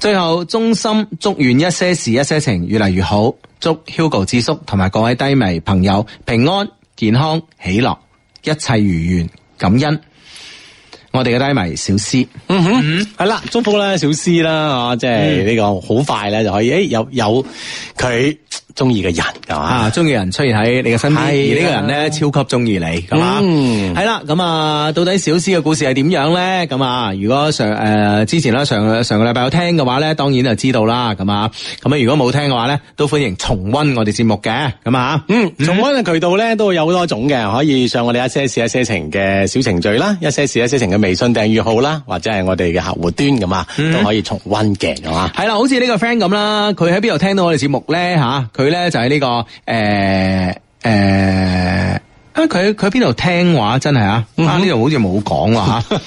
最後，衷心祝願一些事、一些情越嚟越好。祝 Hugo 之叔同埋各位低迷朋友平安健康喜樂。一切如願，感恩。我哋嘅低迷小詩，嗯哼，嗯、係啦，祝福啦，小詩啦，啊、就是這個，即係呢個好快咧就可以，誒，有有佢。中意嘅人，係嘛？中意嘅人出現喺你嘅身邊，而呢個人咧超級中意你，係嘛？嗯，係啦，咁啊，到底小詩嘅故事係點樣咧？咁啊，如果上誒、呃、之前啦，上上個禮拜有聽嘅話咧，當然就知道啦。咁啊，咁啊，如果冇聽嘅話咧，都歡迎重温我哋節目嘅。咁啊、嗯，嗯，重温嘅渠道咧都會有好多種嘅，可以上我哋一些事一些情嘅小程序啦，一些事一些情嘅微信訂閱號啦，或者係我哋嘅客戶端咁啊，都可以重温嘅，咁、嗯、啊，係啦，好似呢個 friend 咁啦，佢喺邊度聽到我哋節目咧？吓，佢咧就喺、是、呢、這個誒誒、欸欸啊嗯，啊佢佢喺邊度聽話真係啊，呢度好似冇講啊吓，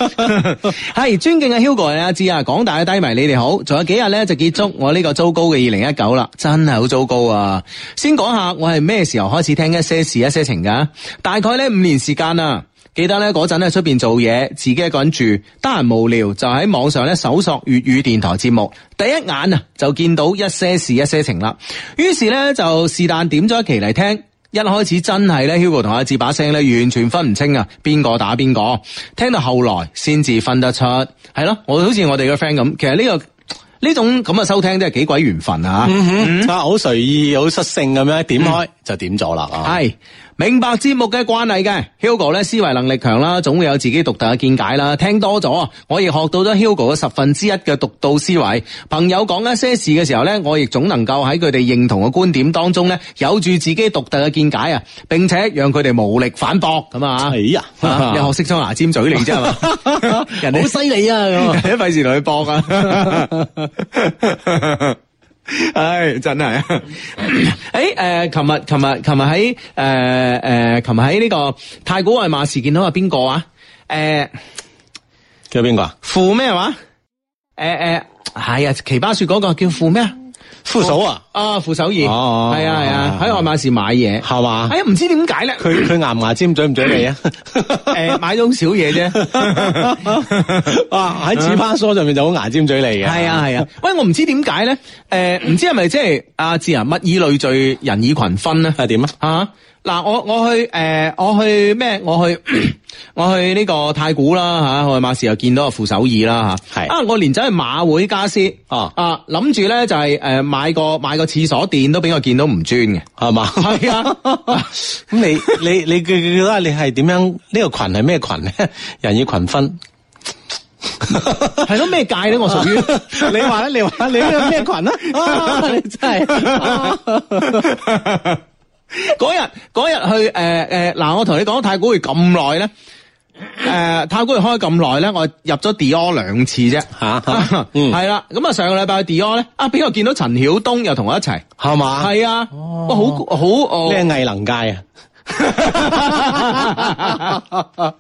係尊敬嘅 Hugo 啊，阿志啊，廣大嘅低迷你哋好，仲有幾日咧就結束我呢個糟糕嘅二零一九啦，真係好糟糕啊！先講下我係咩時候開始聽一些事一些情噶，大概咧五年時間啊。記得咧嗰陣咧出邊做嘢，自己一個人住，得閒無聊就喺網上咧搜索粵語電台節目，第一眼啊就見到一些事一些情啦，於是咧就是但點咗一期嚟聽，一開始真係咧 Hugo 同阿志把聲咧完全分唔清啊，邊個打邊個，聽到後來先至分得出，係咯，我好似我哋嘅 friend 咁，其實呢、這個呢種咁嘅收聽都係幾鬼緣分啊，吓、嗯，好、嗯嗯、隨意好失性咁樣點開就點咗啦，係。明白節目嘅關係嘅，Hugo 咧思維能力強啦，總會有自己獨特嘅見解啦。聽多咗，我亦學到咗 Hugo 嘅十分之一嘅獨到思維。朋友講一些事嘅時候咧，我亦總能夠喺佢哋認同嘅觀點當中咧，有住自己獨特嘅見解啊，並且讓佢哋無力反駁咁啊！哎呀， 你學識裝牙尖嘴嚟啫係嘛？ 人哋好犀利啊！你都費事同佢搏啊！ 唉、 哎，真係啊！誒誒，琴、 哎呃、日琴日琴日喺誒誒，琴、呃、日喺呢個太古外馬氏見到係邊個啊？誒、呃，叫邊個啊？傅咩話？誒、呃、誒，係、哎、啊，奇葩說嗰個叫傅咩啊？副手啊、哦、啊，啊，啊副手二，係啊係啊，喺、啊、外買市買嘢係嘛，哎不牙不牙嘴不嘴啊，唔知點解咧，佢佢牙唔牙尖嘴唔嘴利啊，誒買咗好少嘢啫，哇喺紙花梳上面就好牙尖嘴利嘅，係啊係啊，喂我唔知點解咧，誒、呃、唔知係咪即係阿志啊，啊物以類聚，人以群分咧係點啊吓？怎樣啊啊嗱，我我去誒，我去咩、呃？我去我去呢個太古啦吓、啊，我去馬士又見到個扶手椅啦吓。係啊，啊，我連走去馬會家私啊、哦、啊，諗住咧就係、是、誒、呃、買個買個廁所墊都俾我見到唔專嘅，係嘛？係啊，咁 你你你覺得你係點樣？呢、這個群係咩群咧？人要群分，係咯咩界咧？我屬於 你話咧，你話你咩咩群啊？你真係。啊 嗰日嗰日去，誒誒，嗱、呃呃、我同你講太古匯咁耐咧，誒、呃、太古匯開咁耐咧，我入咗 Dior 兩兩次啫吓，係、啊、啦、咁、嗯、啊 上個禮拜去 Dior 呢、咧、啊，啊邊個見到陳曉東又同我一齊係嘛？係啊，我好好靚藝能界啊。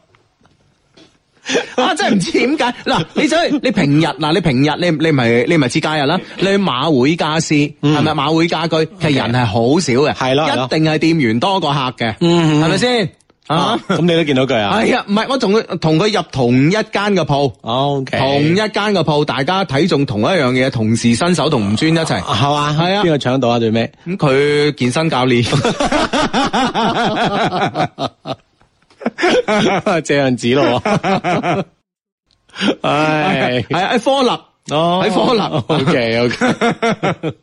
啊！真係唔知點解嗱，你真去，你平日嗱，你平日你你唔係你唔係節假日啦， 你去馬會家私係咪馬會家居？其、okay. 實人係好少嘅，係、okay. 咯，一定係店員多過客嘅，係咪先啊？咁你都見到佢啊？係啊，唔係、啊哎、我同佢同佢入同一間嘅鋪，O K，同一間嘅鋪，大家睇中同一樣嘢，同時伸手同吳尊一齊，係嘛？係啊，邊個搶到啊？最尾？咁、嗯，佢健身教練。 這樣子咯，唉，係啊，喺科立哦，喺科立，OK，OK。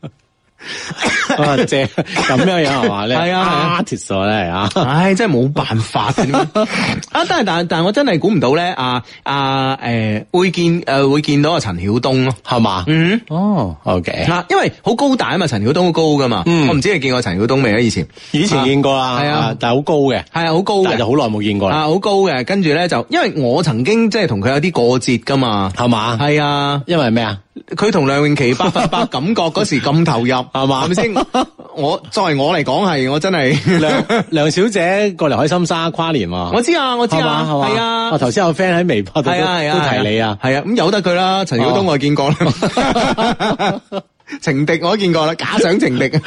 哦、正 樣話啊，即係咁樣樣係嘛？係啊，artist 係啊，唉、啊 哎，真係冇辦法。啊，但係、啊、但但係，我真係估唔到咧。阿阿誒會見誒會見到阿陳曉東咯，係嘛？嗯，哦，ok。嗱，因為好高大啊嘛，陳曉東好高噶嘛。嗯，我唔知你見過陳曉東未咧？以前以前見過啦，係啊，但係好高嘅，係啊，好高嘅，就好耐冇見過啦，好高嘅。跟住咧就因為我曾經即係同佢有啲過節噶嘛，係嘛？係啊，因為咩啊？佢同梁詠琪百分百感覺嗰時咁投入，係 嘛？係咪先？我作為我嚟講係，我真係 梁梁小姐過嚟海心沙跨年喎。我知啊，我知啊，係啊。我頭先、啊啊啊哦、有 friend 喺微博度都、啊啊、都提你啊，係啊。咁、啊嗯、由得佢啦，陳曉東我見過啦。哦 情敵我都見過啦，假想情敵。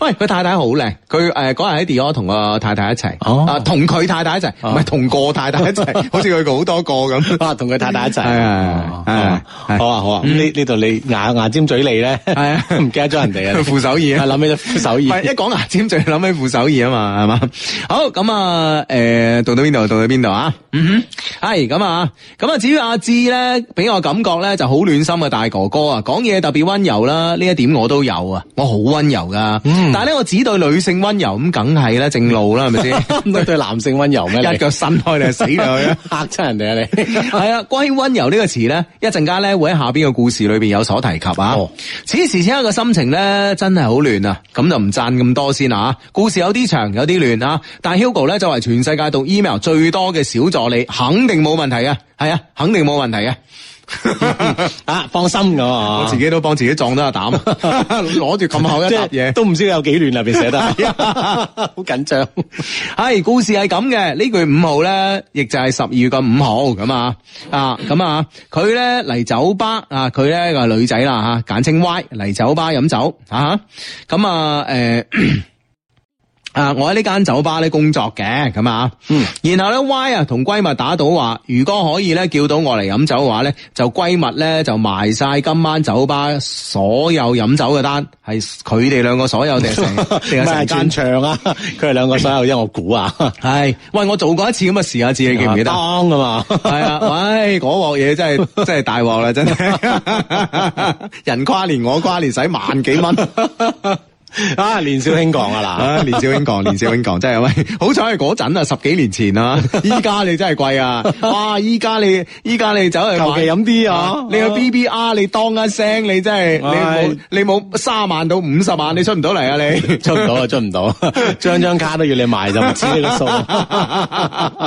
喂，佢太太好靚，佢誒嗰日喺迪奧同個太太一齊， 一啊同佢太太一齊，唔係同個太太一齊，好似佢好多個咁。啊，同佢太太一齊，係係、啊，好啊，啊好啊。咁呢呢度你牙牙尖嘴利咧，係啊，唔記得咗人哋啊，副 手耳意啊，諗起咗副手耳。一講牙尖嘴，諗起副手耳啊嘛，係 嘛。好咁啊，誒、呃，到到邊度？到到邊度啊？嗯哼，係咁啊，咁啊，至於阿志咧，俾我感覺咧就好暖心嘅大哥哥。講嘢特別溫柔啦，呢一點我都有啊，我好溫柔噶、嗯。但係咧，我只對女性溫柔，咁梗係啦，正路啦，係咪先？ 對男性溫柔咩 人？ 一腳伸開就死佢，吓親人哋啊！你係啊，關於溫柔呢個詞咧，一陣間咧會喺下邊嘅故事裏邊有所提及啊、哦。此時此刻嘅心情咧，真係好亂啊！咁就唔讚咁多先啦。啊，故事有啲長，有啲亂啊。但係 Hugo 咧，作為全世界讀 email 最多嘅小助理，肯定冇問題啊！係啊，肯定冇問題啊！ 啊！放心咁，我自己都幫自己撞得下膽，攞住咁厚一沓嘢，都唔知有幾亂啊！未寫得， 好緊緊張張。係 故事係咁嘅，5呢句五號咧，亦就係十二月嘅五號咁啊啊咁啊，佢咧嚟酒吧啊，佢咧個女仔啦吓、啊，簡稱 Y 嚟酒吧飲酒啊，咁啊誒。啊呃啊！我喺呢間酒吧咧工作嘅咁啊，嗯，然後咧 Y 啊同閨蜜打賭話，如果可以咧叫到我嚟飲酒嘅話咧，就閨蜜咧就埋晒今晚酒吧所有飲酒嘅單，係佢哋兩個所有訂成，唔係間場啊，佢哋兩個所有一個股啊，係喂我做過一次咁嘅事啊，次你記唔記得？啊當啊嘛，係 啊，喂，嗰鑊嘢真係真係大鑊啦，真係，真的 人跨年我跨年使萬幾蚊。 啊！年少輕狂啊嗱，年少輕狂，年少輕狂 真係喂，好彩係嗰陣啊，十幾年前啊，依家你真係貴啊，哇、 啊！依家你依家你走去求其飲啲啊，你個 B B R、啊、你當一、啊、聲，你真係、哎、你冇你冇卅萬到五十萬，你出唔到嚟啊你出唔到，出唔到啊，出唔到，張張卡都要你買、啊，就唔止呢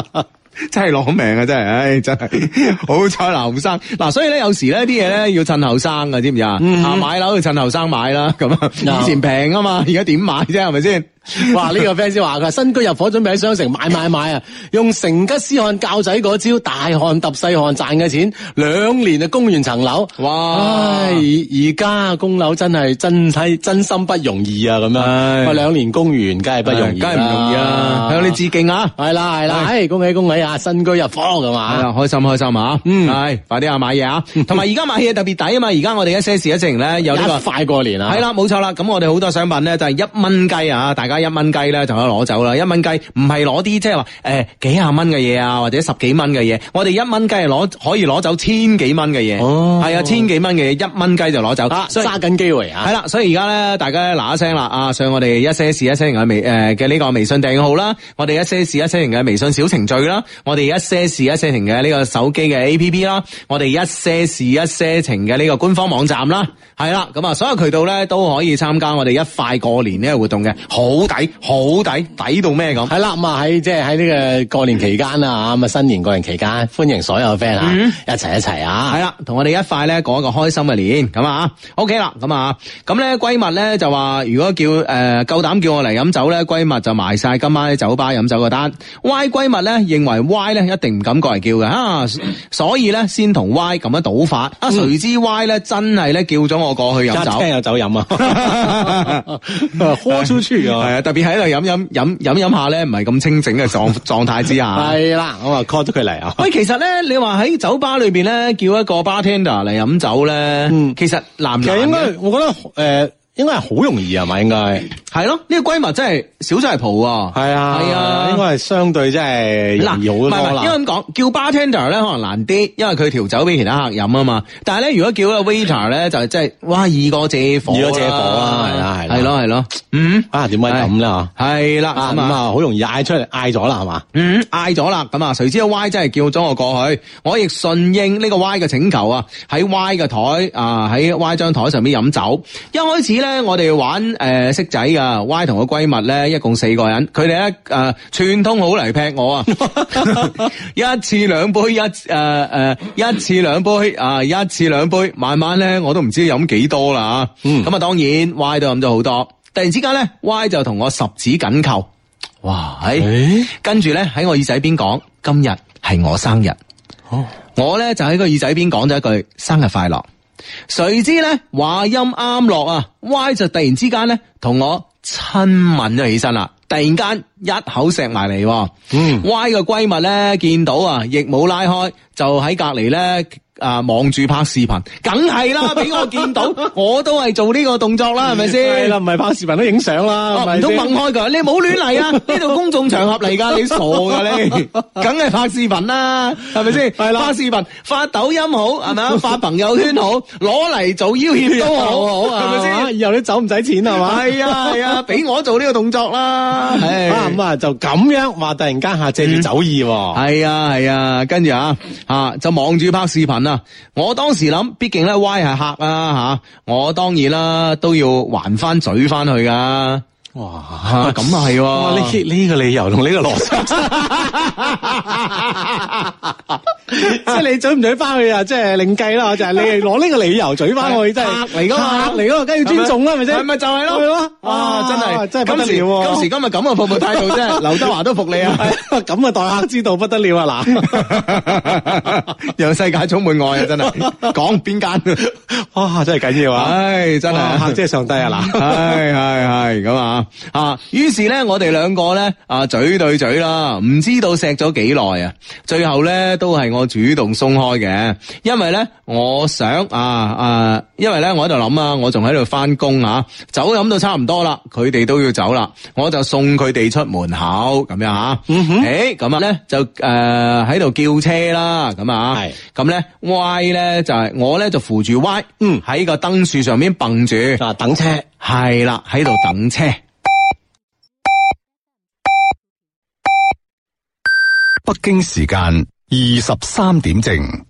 個數。真係攞命啊！真係，唉，真係 幸好彩嗱後生嗱，所以咧有時咧啲嘢咧要趁後生㗎，知唔、嗯嗯、知啊？啊，買樓要趁後生買啦，咁啊，以前平啊嘛，而家點買啫，係咪先？哇！呢、這個 fans 話佢新居入伙，準備喺商城買買買啊！用成吉思汗教仔嗰招大汗揼細汗賺嘅錢，兩年嘅供完層樓哇！而、哎、家供樓真係真係、哎，真心不容易啊！咁樣，兩、哎、年供完，梗係不容易，啊，梗係唔容易啊，哎！向你致敬啊！係啦，係啦，是啦，哎，恭喜恭喜啊！新居入伙咁啊，開心開心啊！係、嗯，快啲啊買嘢啊！同埋而家買嘢特別抵啊嘛！而家我哋一些事一些情咧有呢、這個快過年了啊！係啦，冇錯啦！咁我哋好多商品咧就係一蚊雞啊！大家而家一蚊雞啦，就可以攞走啦！一蚊雞唔係攞啲即係話誒幾廿蚊嘅嘢啊，或者十幾蚊嘅嘢，我哋一蚊雞係攞可以攞走千幾蚊嘅嘢，係、哦、啊千幾蚊嘅嘢一蚊雞就攞走，揸緊機會啊！係啦，所以而家咧，大家嗱一聲啦，啊上我哋一些事一些情嘅微誒嘅呢個微信訂閱號啦，我哋一些事一些情嘅微信小程序啦，我哋一些事一些情嘅呢個手機嘅 A P P 啦，我哋一些事一些情嘅呢個官方網站啦，係啦，咁啊所有渠道咧都可以參加我哋一快過年呢個活動嘅好。好抵，好抵，抵到咩咁？係啦，咁啊喺即係喺呢個過年期間啊，咁啊新年過年期間，歡迎所有 friend、mm-hmm. 啊，一齊一齊啊！係啦，同我哋一塊咧，過一個開心嘅年咁啊！OK 啦，咁啊，咁咧閨蜜咧就話，如果叫誒夠膽叫我嚟飲酒咧，閨蜜就埋晒今晚喺酒吧飲酒嘅單。Y 閨蜜咧認為 Y 咧一定唔敢過嚟叫嘅啊，所以咧先同 Y 咁樣倒法啊，誰、mm-hmm. 知 Y 咧真係咧叫咗我過去飲酒，一聽有酒飲啊，豁出去啊！誒，特別喺度飲飲飲飲飲下咧，唔係咁清醒嘅狀狀態之下，係 啦，咁啊 call 咗佢嚟啊。喂， 其實咧，你話喺酒吧裏邊咧，叫一個 bartender 嚟飲酒咧，嗯，其實男人應該我覺得誒。呃應該係好容易啊嘛，應該係係咯，呢、這個閨蜜真係小菜蒲啊，係啊，係啊，應該係相對真係難好多啦。唔係唔係，應該咁講，叫 bartender 咧可能難啲，因為佢調酒俾其他客人啊嘛。但係咧，如果叫個 waiter 咧，就係即係哇，易過借火，易過借火啊！是」係啦，係啦，係咯，係咯，嗯，啊，點解咁咧？吓，係啦，咁啊，好容易嗌出嚟，嗌咗啦，係嘛，嗯，嗌咗啦，咁啊，誰知 Y 真係叫咗我過去，我亦順應呢個 Y 嘅請求啊，喺 Y 嘅台啊，喺 Y 張台上面飲酒，一開始。咧，我哋玩誒骰、呃、仔㗎 Y 同個閨蜜咧，一共四個人，佢哋咧誒串通好嚟劈我啊！ 一次兩杯，一誒誒、呃呃，一次兩杯，啊，一次兩杯，慢慢咧，我都唔知飲幾多啦吓。咁、嗯、啊，當然 Y 都飲咗好多。突然之間咧，Y 就同我十指緊扣，哇、欸！跟住咧喺我耳仔邊講，今日係我生日。哦、我咧就喺個耳仔邊講咗一句：生日快樂。誰知咧，話音啱落啊，Y 就突然之間咧同我親吻咗起身啦，突然間一口錫埋嚟。嗯，Y 個閨蜜咧見到啊，亦冇拉開，就喺隔籬咧。啊！望住拍視頻，梗係啦，俾我見到，我都係做呢個動作啦，係咪先？係啦，唔係拍視頻都影相啦，唔通掹開佢？你唔好亂嚟啊！呢度公眾場合嚟噶，你傻噶你？梗係拍視頻啦，係咪先？係啦，拍視頻，發抖音好，係咪啊？發朋友圈好，攞嚟做要挾都好，好啊？係咪先？以後啲酒唔使錢係嘛？係啊係啊，俾我做呢個動作啦。係咁啊，就咁樣話，突然間吓借住酒意，係啊係啊，跟住啊啊，就望住拍視頻啦。我當時諗，畢竟咧 Y 係客啦吓，我當然啦都要還翻嘴翻去噶。哇，咁啊，係喎！呢呢、啊，這個這個理由同呢個邏輯， 即係你准唔准翻去啊？即、就、係、是、另計啦，就係、是、你攞呢個理由嘴翻去， 真係客嚟噶，客嚟噶，啊，梗、啊、要尊重啦，啊，咪先？咪咪就係咯，係咯，真係、啊、真係、啊、今，今時今日咁嘅服務態度真係，劉 德華都服你啊！咁嘅待客之道不得了啊！嗱，讓世界充滿愛啊！真係講邊間？哇！真係緊要啊！唉、哎，真係，客即係上帝啊！嗱，係係係咁啊！啊，於是咧，我哋兩個咧啊，嘴對嘴啦，唔知道錫咗幾耐啊，最後咧都係我主動鬆開嘅，因為咧我想啊誒、啊，因為咧我喺度諗啊，我仲喺度翻工啊，酒飲到差唔多啦，佢哋都要走啦，我就送佢哋出門口咁樣吓、啊，誒咁啊咧就誒喺度叫車啦，咁啊係，咁咧 Y 咧就係、是、我咧就扶住 Y，嗯，喺個燈樹上面蹦住啊、就是、等車，係啦喺度等車。北京時間二十三點正。